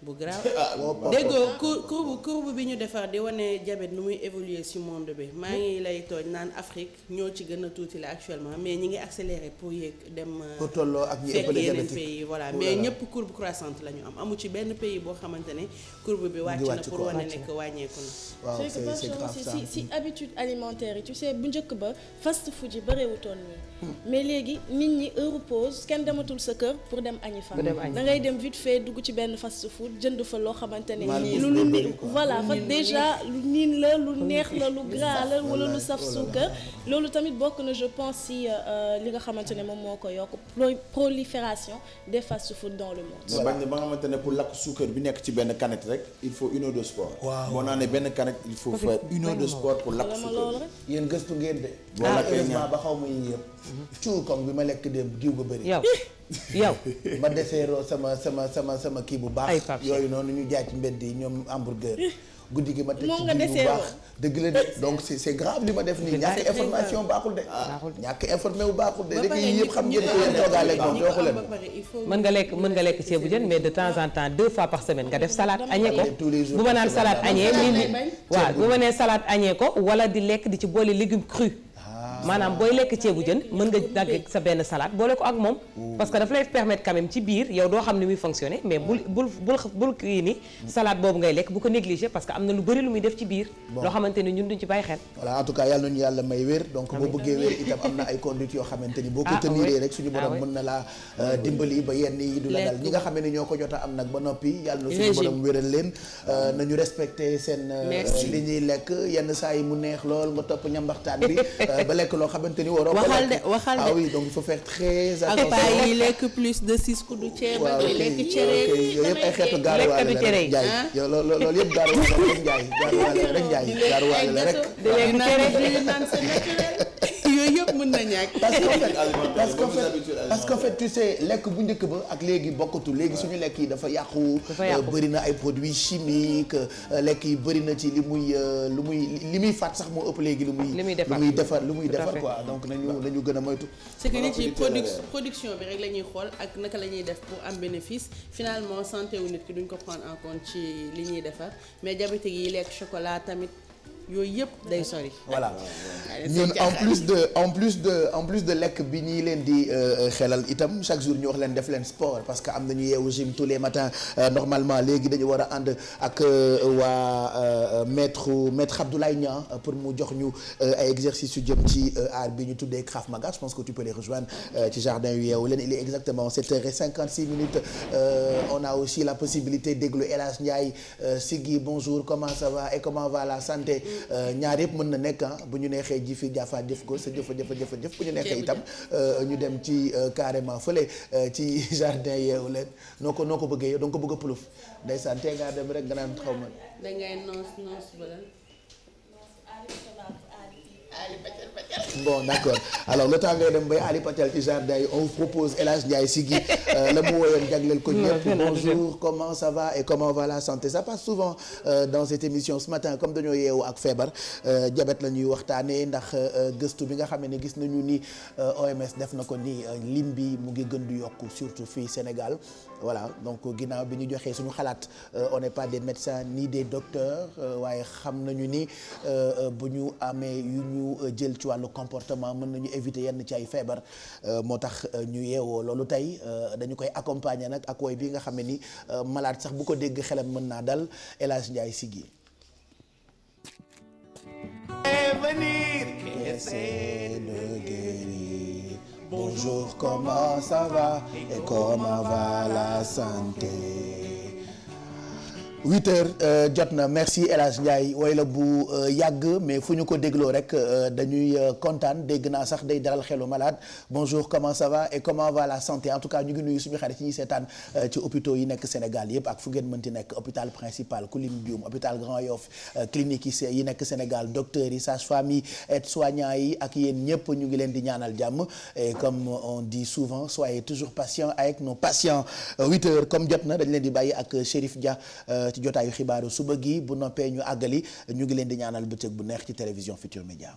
bu grave ah, déggoo courbe courbe bi ñu defar di wane diabète nu muy évoluer ci monde bi maa ngi lay tooñ naan Afrique ñoo ci gën a tuuti la actuellement mais ñi ngi accélérer pour yéeg dem euh, pour tolloo ak ñi ëppale yeneen pays voilà mais ñëpp courbe croissante la ñu am amu ci benn pays boo xamante ne courbe bi wàcc na pour wane nekk wàññeeku na c'est que si habitude alimentaire yi tu sais bu njëkk ba fast food yi bëreewutoon nii mais léegi nit ñi heure kenn dematul sa kër pour dem añi fa da ngay dem vite fait dugg ci benn fast food jënd fa loo xamante ne lu lu ni voilà fa déjà lu niin la lu neex la lu gras la wala lu saf suukar loolu tamit bokk na je pense si euh, euh, li nga xamante ne moom moo ko yokk prolifération des fast food dans le monde bañ ne ba nga xamante ne pour lakk suukar bi nekk ci benn canette rek il faut une heure de sport boo naanee benn canette il faut faire une heure de sport pour lakk suukar yéen gëstu ngeen de ah, ba xaw ma yëpp cuur kong bi ma lekk démb diw ga bëri yow yow ma deseeroo sama sama sama sama kii bu baax yooyu noonu ñu jaay ci mbedd yi ñoom hamburger guddi gi ma teg ci dëgg la de donc c' est c' grave li ma def nii ñàkk information ah, baaxul de. ñàkk informé wu baaxul de. léegi yii yëpp xam ngeen ko yéen toogaale mën nga lekk mën nga lekk ceebu jën mais de temps en temps deux fois par semaine nga def salade añee ko bu ma naan salaat añee. ceeb bu waaw bu ma nee salade añee ko wala di lekk di ci boole légumes maanaam booy lekk ceebu jën mën nga dagg sa benn salade boole ko ak moom parce que dafa lay permettre quand ci biir yow doo xam ni muy fonctionner mais bul bul kii ni salade boobu ngay lekk bu ko négliger parce que am na lu bëri lu muy def ci biir loo xamante ni ñun duñ ci bàyyi xel voilà en tout cas yàlla nañu yàlla may wér donc boo bëggee wér itam am na ay conduite yoo xamante ni boo ko ah, teniree rek suñu borom ah, mën na laa ah, euh, dimbali ba yenn yi du la dal xam ne ñoo ko jot a am nag ba noppi yàlla na suñu euh, seen euh, li ñuy lekk yenn saa yi mu neex lool nga topp ñambaxtaan bi nekk loo xamante ni waroo. waxal de waxal de ah donc il faut faire très attention. ak paa lekk plus de six ku du ceeb. waaw ok lekk cere yi yooyu yëpp ay xeetu gaaruwaale la rek Ndiaye ah. loolu yëpp gaaruwaale la rek Ndiaye gaaruwaale la rek Ndiaye gaaruwaale la yooyu yëpp mën na ñàkk. parce que parce que parce lekk bu njëkk ba ak léegi bokkatul léegi ñu lekk yi dafa yàqu. Euh, bëri na ay produits chimiques euh, lekk yi bëri na ci li muy euh, lu muy li muy faat sax moo ëpp léegi lu muy. li muy defar lu muy defar lu muy defar quoi donc nañu nañu gën a moytu. c'est que nit ci production bi rek la ñuy xool ak naka la ñuy def pour am bénéfice finalement santé wu nit ki duñ ko prendre en compte ci li ñuy defar mais diabétique yi lekk chocolat tamit. yooyu yëpp day sori. voilà ñun en plus de en plus de en plus de lekk bi ñuy leen di euh, euh, xelal itam chaque jour ñu wax leen def leen sport parce que am nañu yeewu gym tous les matins euh, normalement léegi dañu war a ànd ak waa maître maître Abdoulaye Niang pour mu jox ñu ay exercices yu jëm ci aar bi ñu tuddee Krav Maga je pense que tu peux les rejoindre ci jardin yu yeewu leen il est exactement 7 heures et 56 minutes on a aussi la possibilité déglu El Hadj Ndiaye Siggi bonjour comment ça va et Euh, ñaar yëpp mën na nekk ah bu ñu neexee ji fi jaafa jëf ko sa jëfa jëfa jëfa jëf bu ñu neexee itam euh, ñu dem ci euh, carrément fële ci jardin yeewu leen noo ko noo ko bëggee yow danga ko bëgg a puluf ndeysaan tee ngaa dem rek nga naan xaw ma dangay noos noos bala bon d'accord alors le temps ngay dem bay Ali Patel ci jardin yi on propose El Hadj Ndiaye Siggi la mu woyoon jagleel ko ñëpp bonjour comment ça va et comment va la santé ça passe souvent euh, dans cette émission ce matin comme dañoo yeewu ak feebar euh, diabète la ñuy waxtaanee ndax euh, gëstu bi nga xam ne gis nañu ni OMS def na ko ni lim bi mu ngi gën du yokk surtout fii Sénégal voilà donc ginnaaw bi ñu joxee suñu xalaat on n'est pas des médecins ni des docteurs waaye xam nañu ni bu ñu amee ñu euh, jël ci wàllu comportement mën nañu éviter yenn ci ay feebar euh, moo tax euh, ñu yeewoo loolu tey dañu koy accompagner nag ak woy bi nga xam ne ni malade sax bu ko dégg xelam mën naa dal El Hadj Ndiaye Siggi huit heures euh, jot na merci El Hadj Ndiaye way la bu euh, yàgg mais fu ñu ko dégloo rek euh, dañuy kontaan dégg naa sax day dalal xelu malade bonjour comment ça va et comment va la santé en tout cas ñu ngi nuyu suñu xarit yi ñuy seetaan ci hôpitaux yi nekk Sénégal yëpp ak fu ngeen mënti nekk hôpital principal ku lim Dioum hôpital Grand Yoff clinique yi yi nekk Sénégal docteurs yi sages-femmes yi aides-soignants yi ak yéen ñëpp ñu ngi leen di ñaanal jàmm et comme on souvent soyez toujours patient avec nos patients huit comme jot na dañ leen di bàyyi ak Chérif Dia. ci jotaayu xibaaru suba gi bu noppee ñu àggali ñu ngi leen di ñaanal bëccëg bu neex ci télévision Futurs Médias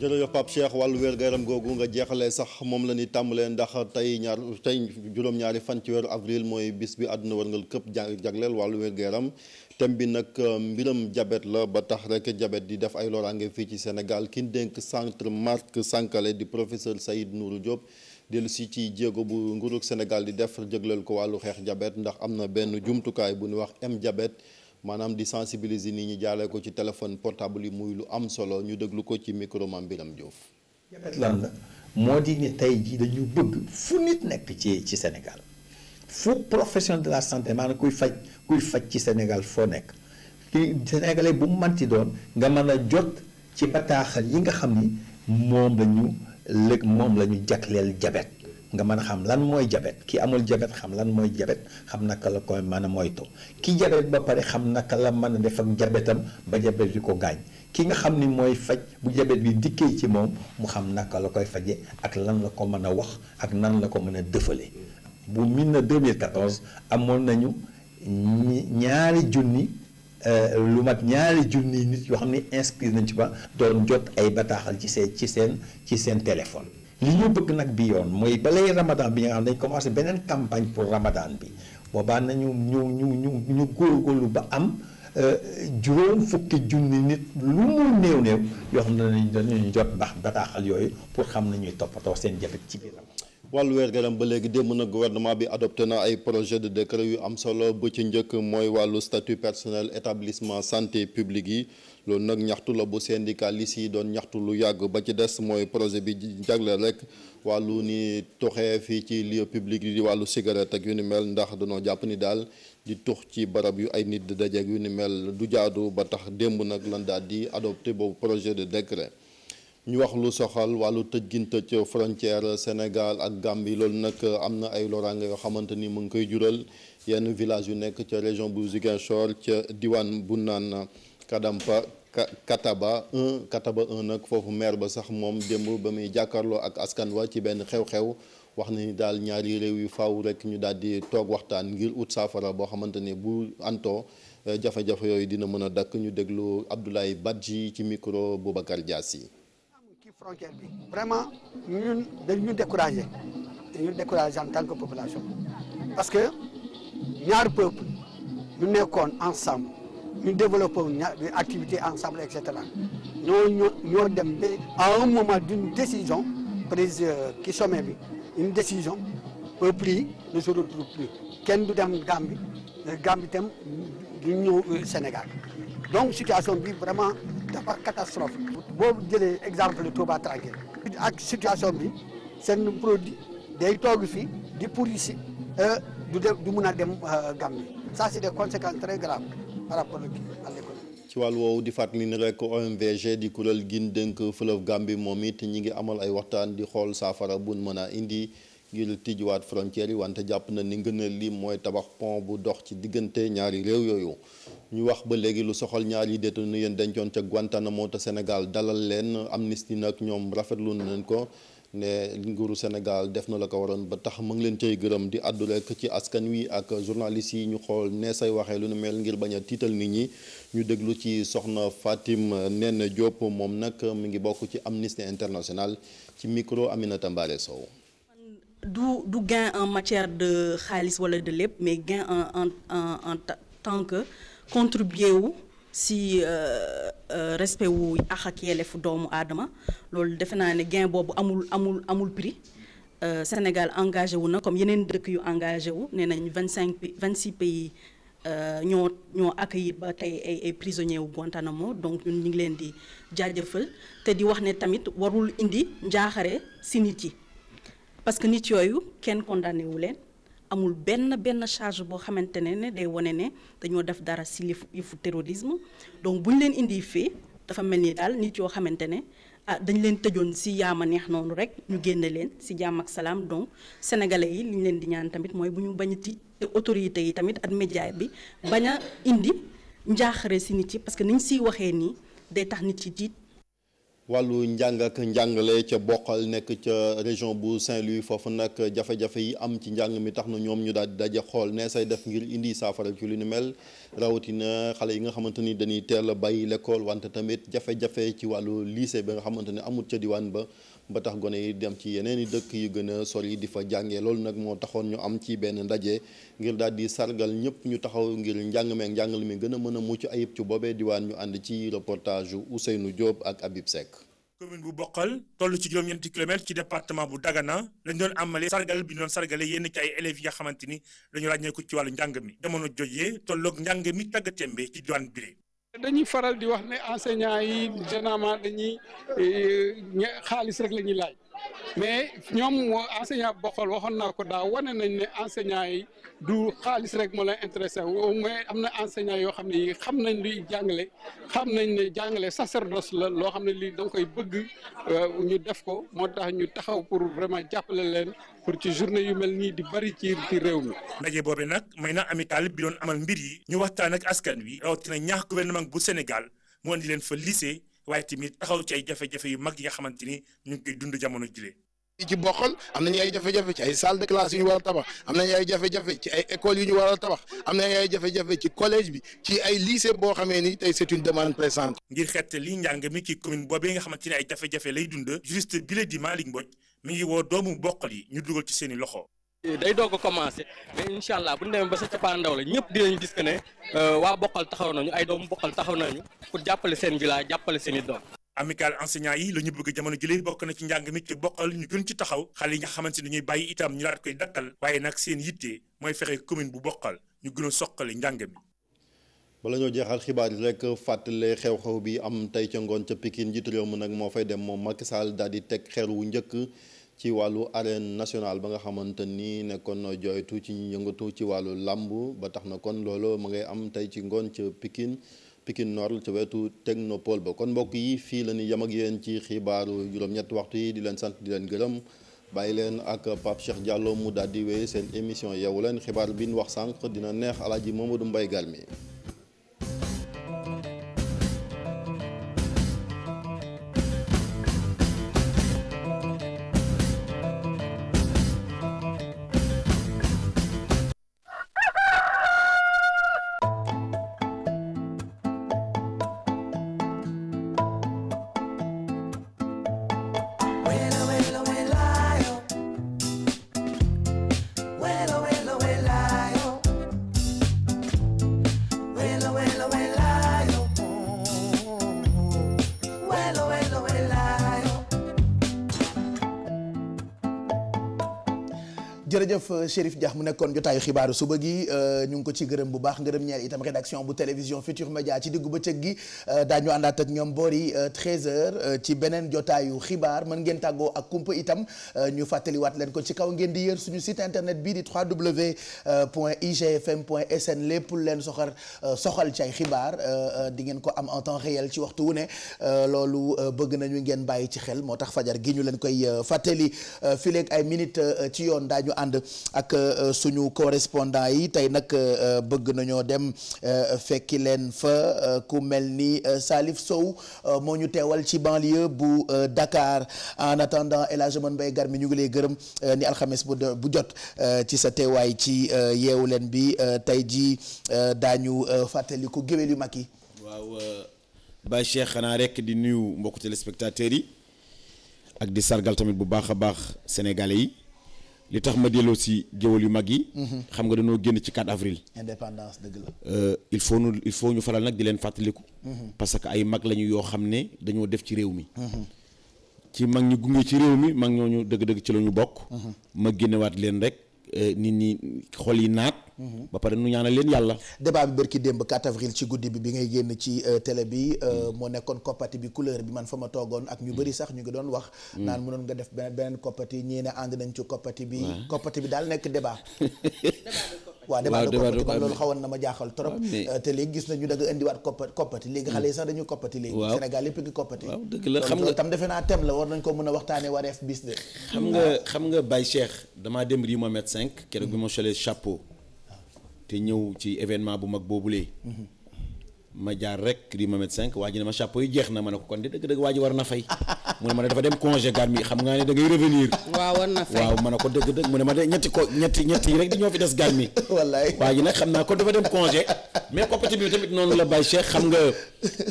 jërëjëf Pape Cheikh wàllu wér-gu-yaram googu nga jeexale sax moom la ñuy leen ndax tey ñaar tey juróom-ñaari fan ci weeru avril mooy bis bi àdduna wërngal këpp jagleel wàllu wér gu thème bi nag euh, mbiram jabet la ba tax rek jabet di def ay loraange fii ci senegal ki dénk centre mark Sankale di professeur Saïd nuru Diop dellu si ci jéego bu nguurug Sénégal di def jëglal ko wàllu xeex jabet ndax am na benn jumtukaay bu ñuy wax M jabet maanaam di sensibiliser ni ñu jaalee ko ci téléphone portable yi muy lu am solo ñu déglu ko ci micro maam Biram Diouf. jabet lan la moo di ni tey jii dañu bëgg fu nit nekk ci ci Sénégal fu profession de la santé kuy faj ci Sénégal foo nekk ki sénégalais bu mu manti doon nga mën a jot ci bataaxal yi nga xam ni moom la moom la ñu jagleel jabet nga mën a xam lan mooy jabet ki amul jabet xam lan mooy jabet xam naka la koy mën a moytu ki jabet ba pare xam naka la mën a def ak jabetam ba jabet bi ko gaañ ki nga xam ni mooy faj bu jabet bi dikkee ci moom mu xam naka la koy faje ak lan la ko mën a wax ak nan la ko mën a dëfale bu min na amoon nañu ñaari junni euh, lu mat ñaari junni nit yoo xam ne inscrire nañ ci ba doon jot ay bataaxal ci seen ci seen ci seen téléphone. li ñu bëgg nag bi yoon mooy balay Ramadan bi nga xam ne dañ commencé beneen campagne pour Ramadan bi boobaa nañu ñu ñu ñu góor góorlu ba am euh, juróom fukki junni nit lu mu néew néew yoo xam ne dañuy jot ndax bataaxal yooyu pour xam nañuy toppatoo seen jabet ci biir Ramadan wàllu wér gu ba léegi démb na gouvernement bi adopté na ay projet de décret yu am solo bu ci njëkk mooy wàllu statut personnel établissement santé publique yi loolu nag ñaxtu la bu syndicaliste yi doon ñaxtu lu yàgg ba ci des mooy projet bi jagleel rek wàllu ni toxee fii ci lio public yi di wàllu cigarette ak yu ni mel ndax dañoo jàpp ni daal di tux ci barab yu ay nit di dajeeg yu ni mel du jaadu ba tax démb nag lan daal di adopté boobu projet de décret ñu wax lu soxal wàllu tëj gin tëj frontière Sénégal ak Gambie loolu nag am na ay loraange yoo xamante ni mu ngi koy jural yenn village yu nekk ca région bu Ziguinchor ca diwaan bu naan Kadampa Kataba 1 Kataba 1 nag foofu maire ba sax moom démb ba muy jàkkaarloo ak askan wa ci benn xew-xew wax na ni daal ñaari réew yu faaw rekk ñu daal di toog waxtaan ngir ut saafara boo xamante ni bu anto eh, jafe-jafe yooyu dina mën a dakk ñu déglu Abdoulaye Badji ci micro Boubacar Diassi frontière bi vraiment ñun dañ ñu découragé dañu découragé en tant que population parce que ñaar peuple ñu nekkoon ensemble ñu développé une activité ensemble et cetera ñoo ñoo ñoo dem ba à un moment d'une décision prise ki euh, sommet bi une décision un prix ne se retrouve plus kenn du dem Gambie Gambie tam du euh, Sénégal donc situation bi vraiment. dafa catastrophe boo jëlee exemple Touba Tranquille ak situation bi seen produit day toog fii di pourri euh, du dem du mun a dem euh, Gambie ça c'est des conséquences très graves par rapport à l'économie ci wàllu woowu di fàttali ni rek OMVG di kuréel gin dënk fleuve Gambie moom it ñu ngi amal ay waxtaan di xool saafara bun mën a indi ngir tijjiwaat frontière yi wante jàpp na ni ngëneel li mooy tabax pont bu dox ci diggante ñaari réew yooyu ñu wax ba léegi lu soxal ñaari détenu yéen dencoon ca Guantanamo te Sénégal dalal leen Amnesty nag ñoom rafetlu nañ ko ne nguuru Sénégal def na la ko waroon ba tax mu ngi leen cay gërëm di àddu rek ci askan wi ak journaliste yi ñu xool ne say waxee lu nu mel ngir bañ a tiital nit ñi ñu déglu ci soxna Fatim Nene Diop moom nag mu ngi bokk ci Amnesty International ci micro Aminata Mbaare Sow du du gain en matière de xaalis wala de lépp mais gain en en en en tant que contribuer wu si euh, euh, respect wu àq ak yelleefu doomu aadama loolu defe naa ne gain boobu amul amul amul prix euh, Sénégal engagé wu na comme yeneen dëkk yu engagé wu nee nañ vingt cinq vingt six pays ñoo ñoo accueillir ba tey ay ay prisonniers wu Guantanamo donc ñun ñu ngi leen di jaajëfal te di wax ne tamit warul indi njaaxare si nit yi. parce que nit yooyu kenn condamné wu leen amul benn benn charge boo xamante ne ne day wane ne dañoo def dara si yëfu yëfu terrorisme donc bu ñu leen indi fii dafa mel ni daal nit yoo xamante ne ah dañ leen tëjoon si yaama neex noonu rek ñu génne leen si jàmm ak salaam donc sénégalais yi li ñu leen di ñaan tamit mooy bu ñu bañ a tiit te yi tamit ak média bi bañ a indi njaaxare si nit yi parce que niñ siy waxee nii day tax nit yi tiit wàllu njàng ak njàngale ca boqal nekk ca région bu Saint-Louis foofu nag jafe-jafe yi am ci njàng mi tax na ñoom ñu daal di daje xool nee say def ngir indi saafara ci lu ni mel rawatina xale yi nga xamante ni dañuy teel a bàyyi lekkool wante tamit jafe-jafe ci wàllu lycée bi nga xamante ni amut ca diwaan ba ba tax gone yi dem ci yeneen i dëkk yi gën a sori di fa jàngee loolu nag moo taxoon ñu am ci benn ndaje ngir daal di sargal ñëpp ñu taxaw ngir njàng meek njàngal mi gën a mën a mucc ayib ci boobee diwaan ñu ànd ci reportage yu Ousseynou Diop ak Habib Seck. commune bu Boqal toll ci juróom-ñeenti kilomètre ci département bu Dagana lañ doon amalee sargal bi ñu doon sargale yenn ci ay élèves yi nga xamante ni dañu ràññeeku ci wàllu njàng mi jamono jojee tolloog njàng mi tàggatémbe ci diwaan bi dañuy faral di wax ne enseignants yi généralement dañuy eh, eh, xaalis rek la ñuy laaj mais ñoom enseignant bokkal waxoon naa ko daaw wane nañ ne enseignants yi du xaalis rek moo leen intéressé au moins am na enseignants yoo xam ne yi xam nañ luy jàngale xam nañ ne jàngale sacerdoce la loo xam ne lii da nga koy bëgg euh, ñu def ko moo tax ñu taxaw pour vraiment jàppale leen pour ci journée yu mel nii di bari ci réew mi. ndaje boobe nag may na amical bi doon amal mbir yi. ñu waxtaan ak askan wi. rawatina ñax gouvernement bu Sénégal moo di leen fa lycée waaye tamit taxaw ci ay jafe yu mag yi xamante ni ñu ngi koy dund jamono jile. ci bokkal am nañu ay jafe-jafe ci ay salle de classe yu ñu war tabax am nañu ay jafe-jafe ci ay écoles yu ñu war a tabax am nañu ay jafe-jafe ci collège bi ci ay lycée boo xamee ni tey c'est une demande pressante. ngir xeet li njàng mi ci commune boobee nga xamante ni ay jafe-jafe lay dund. juriste bi la di mu ngi woo doomu bokkal yi ñu dugal ci seen i loxo. day doog a commencé mais incha allah bu ñu demee ba sa cappaandaw la ñëpp dinañ gis que ne euh, waa bokkal taxaw nañu ay doomu bokkal taxaw nañu pour jàppale seen village jàppale seen i doom. amical enseignant yi la ñu bëgg jamono jëlee bokk na ci njàng mi ci bokkal ñu gën ci taxaw xale yi nga xamante ni ñuy bàyyi itam ñu daal koy dakkal waaye nag seen yitte mooy fexe commune bu bokkal ñu gën a soqale njàng mi bala ñoo jeexal xibaar yi rek fàttale xew-xew bi am tey ca ngoon ca Pikine njiitu réew mi nag moo fay dem moom Macky Sall daal di teg xeer wu njëkk ci wàllu arène nationale ba nga xamante ni nekkoon na jooytu ci ñu yëngatu ci wàllu làmb ba tax na kon loolu ma ngay am tey ci ngoon ca Pikine Pikine Nord ca wetu Technopole ba kon mbokk yi fii la ñu yem ak yéen ci xibaaru juróom-ñetti waxtu yi di leen sant di leen gërëm bàyyi leen ak Pape Cheikh Diallo mu daal di wéy seen émission yeewu leen xibaar bi ñu wax sànq dina neex alaaji Mamadou Mbaye Galmi Euh, Chérif Dia mu nekkoon jotaayu xibaaru suba gi euh, ñu ngi ko ci gërëm bu baax ngërëm ñeel itam rédaction bu télévision Futur Média ci diggu bëccëg gi euh, daañu àndaat ak ñoom boori 13 ci beneen jotaayu xibaar mën ngeen tàggoo ak kumpa itam ñu fàttaliwaat leen ko ci kaw ngeen di yër suñu site internet bii di www.igfm.sn lépp leen soxal soxal ci ay xibaar di ngeen ko am en temps réel ci waxtu wu ne loolu bëgg nañu ngeen bàyyi ci xel moo tax fajar gi ñu leen koy fàttali fileeg ay minute ci yoon daañu ànd ak euh, suñu correspondant yi tey nag euh, bëgg nañoo dem euh, fekki leen fa ku mel ni Salif Sow moo ñu teewal ci banlieue bu Dakar en attendant El Hadj Mane Garmi ñu ngi lay gërëm ni alxames bu bu jot ci sa teewaay ci yeewu leen bi tey jii daañu fàttaliku géwél yu mag yi. waaw Baye Cheikh xanaa rek di nuyu mbokku téléspectateurs yi ak di sargal tamit bu baax a baax sénégalais yi. li tax ma delloo si géwal yu mag yi. Mhm. xam nga dañoo génn ci 4 avril. indépendance dëgg la. Euh, il faut nu il faut ñu faral nag di leen fàttaliku. Mhm. parce que ay mag lañu yoo xam ne dañoo def ci réew mi. Mhm. ci mag ñu gunge ci réew mi mag ñooñu dëgg-dëgg ci la bokk. ma génnewaat leen rek. Euh, nit ñi xol yi naat. Mhm. ba pare nu ñaanal leen yàlla. débat bi bërki démb 4 avril ci guddi bi bi ngay génn ci euh, télé bi. Euh, mhm. moo nekkoon koppati bi couleur bi man fa ma toogoon ak ñu mhm. bëri sax ñu ngi doon wax. naan mënoon nga def beneen beneen koppati ñii ne ànd nañ ci koppati bi. koppati bi daal nekk débat. waaw débat de koppati man loolu xawoon na ma jaaxal trop euh, te léegi gis nañu da indiwaat koppati léegi hmm. xale yi sax dañu koppati léegi Sénégal yëpp ngi koppati xam nga a xam nga xam nga damaa dem rii ma met cinq keroog bi ma solee chapeau te ñëw ci événement bu mag boobulee hmm. ma jaar rek rii ma met cinq waa ji ne ma chapeau yi jeex na ma ne ko kon de dëgg dëgg waa war na fay mu ne ma ne dafa dem congé gan mi xam nga ne da ngay revenir. waaw war na fay ko dëgg dëgg mu ne ma de ñetti ko ñetti ñetti rek di ñoo fi des gan mi. wallaay xam naa kon dafa dem congé mais coppite bi tamit noonu la Baye Cheikh xam nga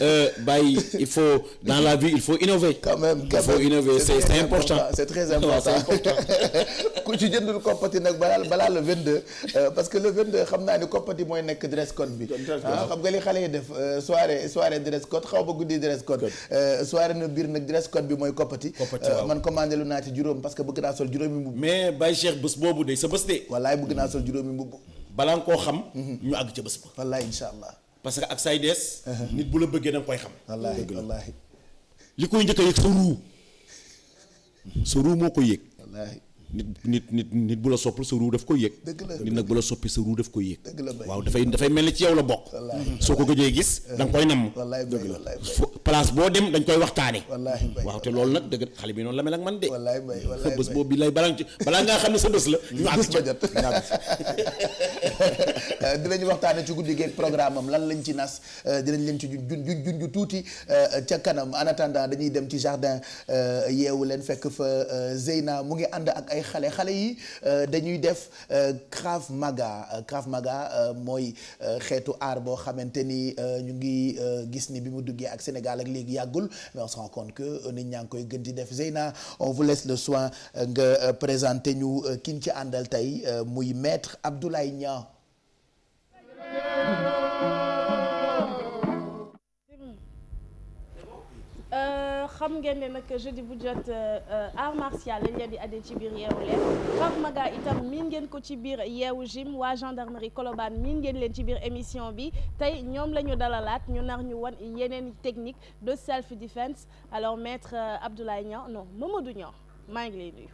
euh, Baye il faut dans la vie il faut innover. Euh, mooy nekk dress code bi. Ah, xam nga li xale yi def euh, soirée soirée dress code xaw ba guddi dress code. soirée na biir nag dress code bi. mooy koppati euh, man commandé lu naa juróom parce que bëgg naa sol juróomi mbubb mais Baye Cheikh bés boobu de sa bés de wallaay bëgg naa sol juróomi mbubb balaa nga koo xam mhm. ñu àgg ca bés ba wallaay insha allah parce que ak say dees uh-huh. nit bu la bëggee da nga koy xam wallaay wallaay li koy njëkk a yëg sa ruu sa ruu moo koy yëg nit nit nit nit bu la soppal sa ruu daf koy yëg. nit nag bu la soppi sa ruu daf waaw dafay dafay mel ni ci yow la bokk. soo ko gëjee gis da nga koy namm. dëgg la place boo dem dañ koy waxtaane waaw te loolu nag dëgg xale bi noonu la mel ak man de. sa bés boobu bi lay balaa ci balaa xam ne sa bés la. ñu àgg ci euh, dinañ waxtaane ci guddi geeg programme am lan lañ ci nas euh, dinañ leen ci jun jun tuuti euh, ca kanam en attendant dañuy dem ci jardin yeewu leen fekk fa Zeyna mu ngi ànd ak ay xale xale yi euh, dañuy def euh, Krav Maga euh, Krav Maga mooy xeetu aar boo xamante ni ñu ngi gis ni bi mu duggee ak Sénégal ak léegi yàggul mais on se rend que nit ñaa ngi koy gën di def Zeyna on vous laisse le soin nga présenter ñu kiñ ci àndal tey muy maître Abdoulaye Niang. Euh... xam ngeen ne nag jeudi bu jot euh, euh, art martial lañ leen di addee ci biir yeewu leen Pape Maga itam miin ngeen ko ci biir yeewu gym waa gendarmerie Colobane miin ngeen leen ci biir émission bi tey ñoom la ñu dalalaat ñu nar ñu wan yeneen technique de self défense alors maître euh, Abdoulaye Niang non Mamadou Niang maa ngi lay nuyu.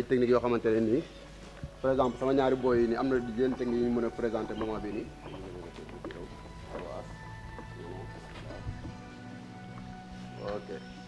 ay techniques yoo xamante ne nii par exemple sama ñaari booy yi nii am na yenn technique yu ñu mën a présenter moment bi nii. ok.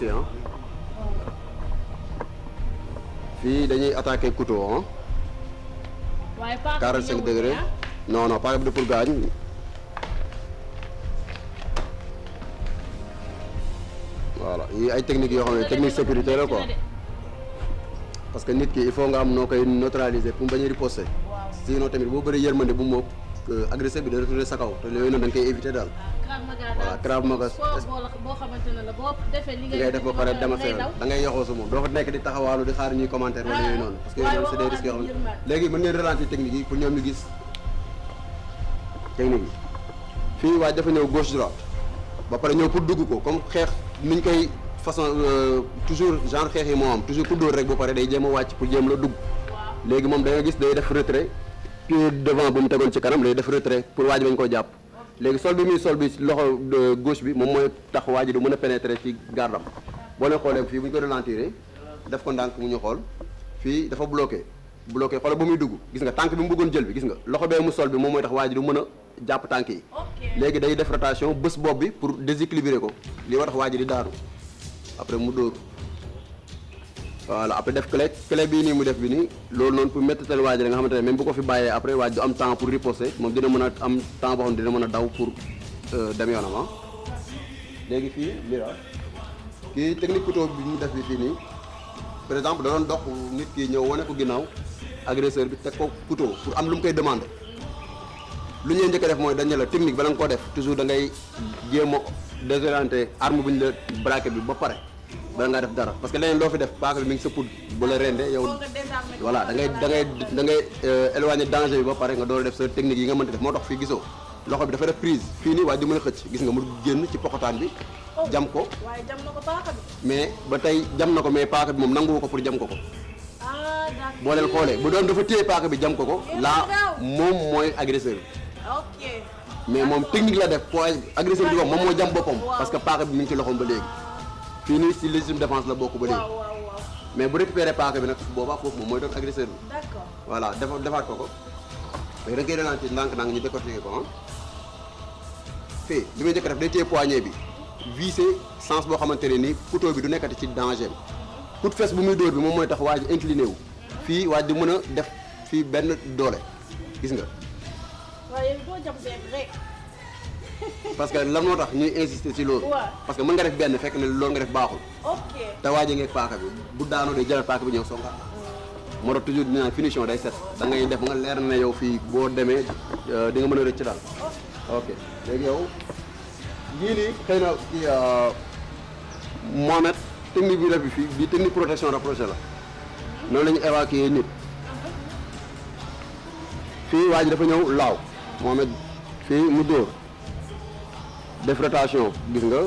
policier ah. fii dañuy attaqué couteau ah. waaye paaka 45 degré non non bi du pour gaañ. voilà yii ay technique yoo xam ne technique sécurité la quoi parce que nit ki il faut nga am noo koy neutraliser pour mu bañ a riposter sinon tamit boo bëri yërmande bu mu ëpp da retourner sa kaw te yooyu noonu da koy éviter daal. waaw Krav Maga boo xamante ne la boo defee li ngay def ba pare dama fee yoxoo su moom doo fa nekk di taxawaalu di xaar ñuy commentaire wala yooyu noonu parce que yooyu noonu yoo xam ne léegi mën ngeen ralentir technique yi pour ñoom ñu gis technique yi fii waaye dafa ñëw gauche droite ba pare ñëw pour dugg ko comme xeex ni ñu koy façon euh, toujours genre xeex yi moom am toujours ku dóor rek ba pare day jéem a wàcc pour jéem la dugg léegi moom dangay gis day def retrait pied devant bu mu ci kanam day def retrait pour waaj bañ koo jàpp léegi sol bi muy sol bi loxo gauche bi moom mooy tax waa ji du mën a pénétrer ci gardam boo leen xoolee fii bu ñu ko ralentiré def ko ndànk mu ñu xool fii dafa bloqué bloqué xoolal ba muy dugg gis nga tànk bi mu bëggoon jël bi gis nga loxo bee mu sol bi moom mooy tax waa ji du mën a jàpp tànk yi léegi day def rotation bés bopp bi pour déséquilibrer ko li war tax waa ji di daanu après mu dóor voilà après def clé clé bii nii mu def bi nii loolu noonu pour méttatal waaj nga xamante ne même bu ko fi bàyyee après waaj du am temps pour riposter moom dina mën a am temps boo xam ne dina euh, dem yoonam ah. léegi fii lira kii bi mu def bi fii nii par exemple da dox nit ki ñëw wane ko ginnaaw agresseur bi teg ko couteau pour am lu mu koy demandé lu ñuy njëkk a def mooy dañ ne la technique bala nga koo def toujours da ngay jéem a désorienté arme bu ñu la braqué bi ba pare bala ngaa def dara parce que leneen loo fi def paaka bi mi ngi sa put bu la rende yow voilà da ngay da ngay euh, danger bi ba pare nga door def sa technique yi nga mënta def moo tax fii gisoo loxo bi dafa def prise fii nii waaye gis nga mu génn ci poxotaan bi oh, jam ko mais ba tey jam na ko mais paaka bi moom nanguwu ko pour jam ko ko ah, boo leen xoolee bu doon dafa téye paaka bi jam ko ko eh, laa moom mooy agresseur bi mais moom technique la def pour agresseur bi moom moo jam boppam parce que paaka bi mi ngi ci loxoom ba léegi fii nii si légitime défense la bokk ba léegi. mais bu récupéré paaka bi nag boobaa foofu moom mooy doon agresseur bi. d'accord voilà defa ko ko. léegi da nga koy ralenti ñu décortiquer ko ah. fii li muy njëkk def day téye poignet bi visé boo xamante ne nii couteau bi du nekkati ci danger bi. coup de fesse bu muy dóor moom mooy tax waa ji wu. fii waa ji mën a def fii benn doole gis nga. waaye parce que la moo tax ñuy insister ci loolu. parce que mën nga def benn fekk ne loolu nga def baaxul. ok te waaj a ngeeg paaka bi bu daanoo de jëlal paaka bi ñëw songa mm. moo tax toujours dinaa finition day set da ngay def nga leer na yow fii boo demee euh, di nga mën a rëcc daal. ok léegi yow lii nii xëy na kii euh, Mohamed technique bi rafet fii bi technique protection rapprochée la mm-hmm. noonu la ñu évacuer nit mm-hmm. fii waa dafa ñëw laaw Mohamed fii mu dóor. def rotation gis nga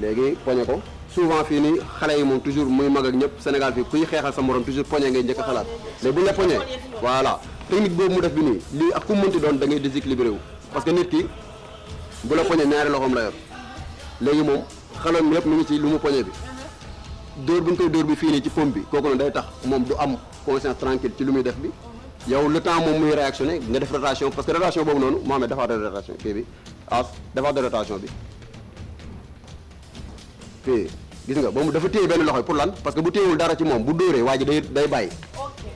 léegi poñe ko souvent fii nii xale yi moom toujours muy mag ak ñëpp Sénégal fii kuy xeexal sa morom toujours poñe ngay jëkk a xalaat mais bu ñu la poñee voilà technique boobu mu def bi nii lii ak ku mënti doon dangay ngay déséquilibré wu parce que nit ki bu la poñee ñaari loxoom la yor léegi moom xaloon yëpp mu ngi ci lu mu poñe bi dóor bu ñu koy dóor bi fii nii ci pompe bi kooku noonu day tax moom du am conscience tranquille ci lu muy def bi yow le temps moom muy réactionné nga def rotation parce que rotation boobu noonu Mohamed dafa de rotation kii bi as dafa de rotation bi fii gis nga boobu dafa téye benn loxo pour lan parce que bu téyewul dara ci moom bu dóoree waa ji day day bàyyi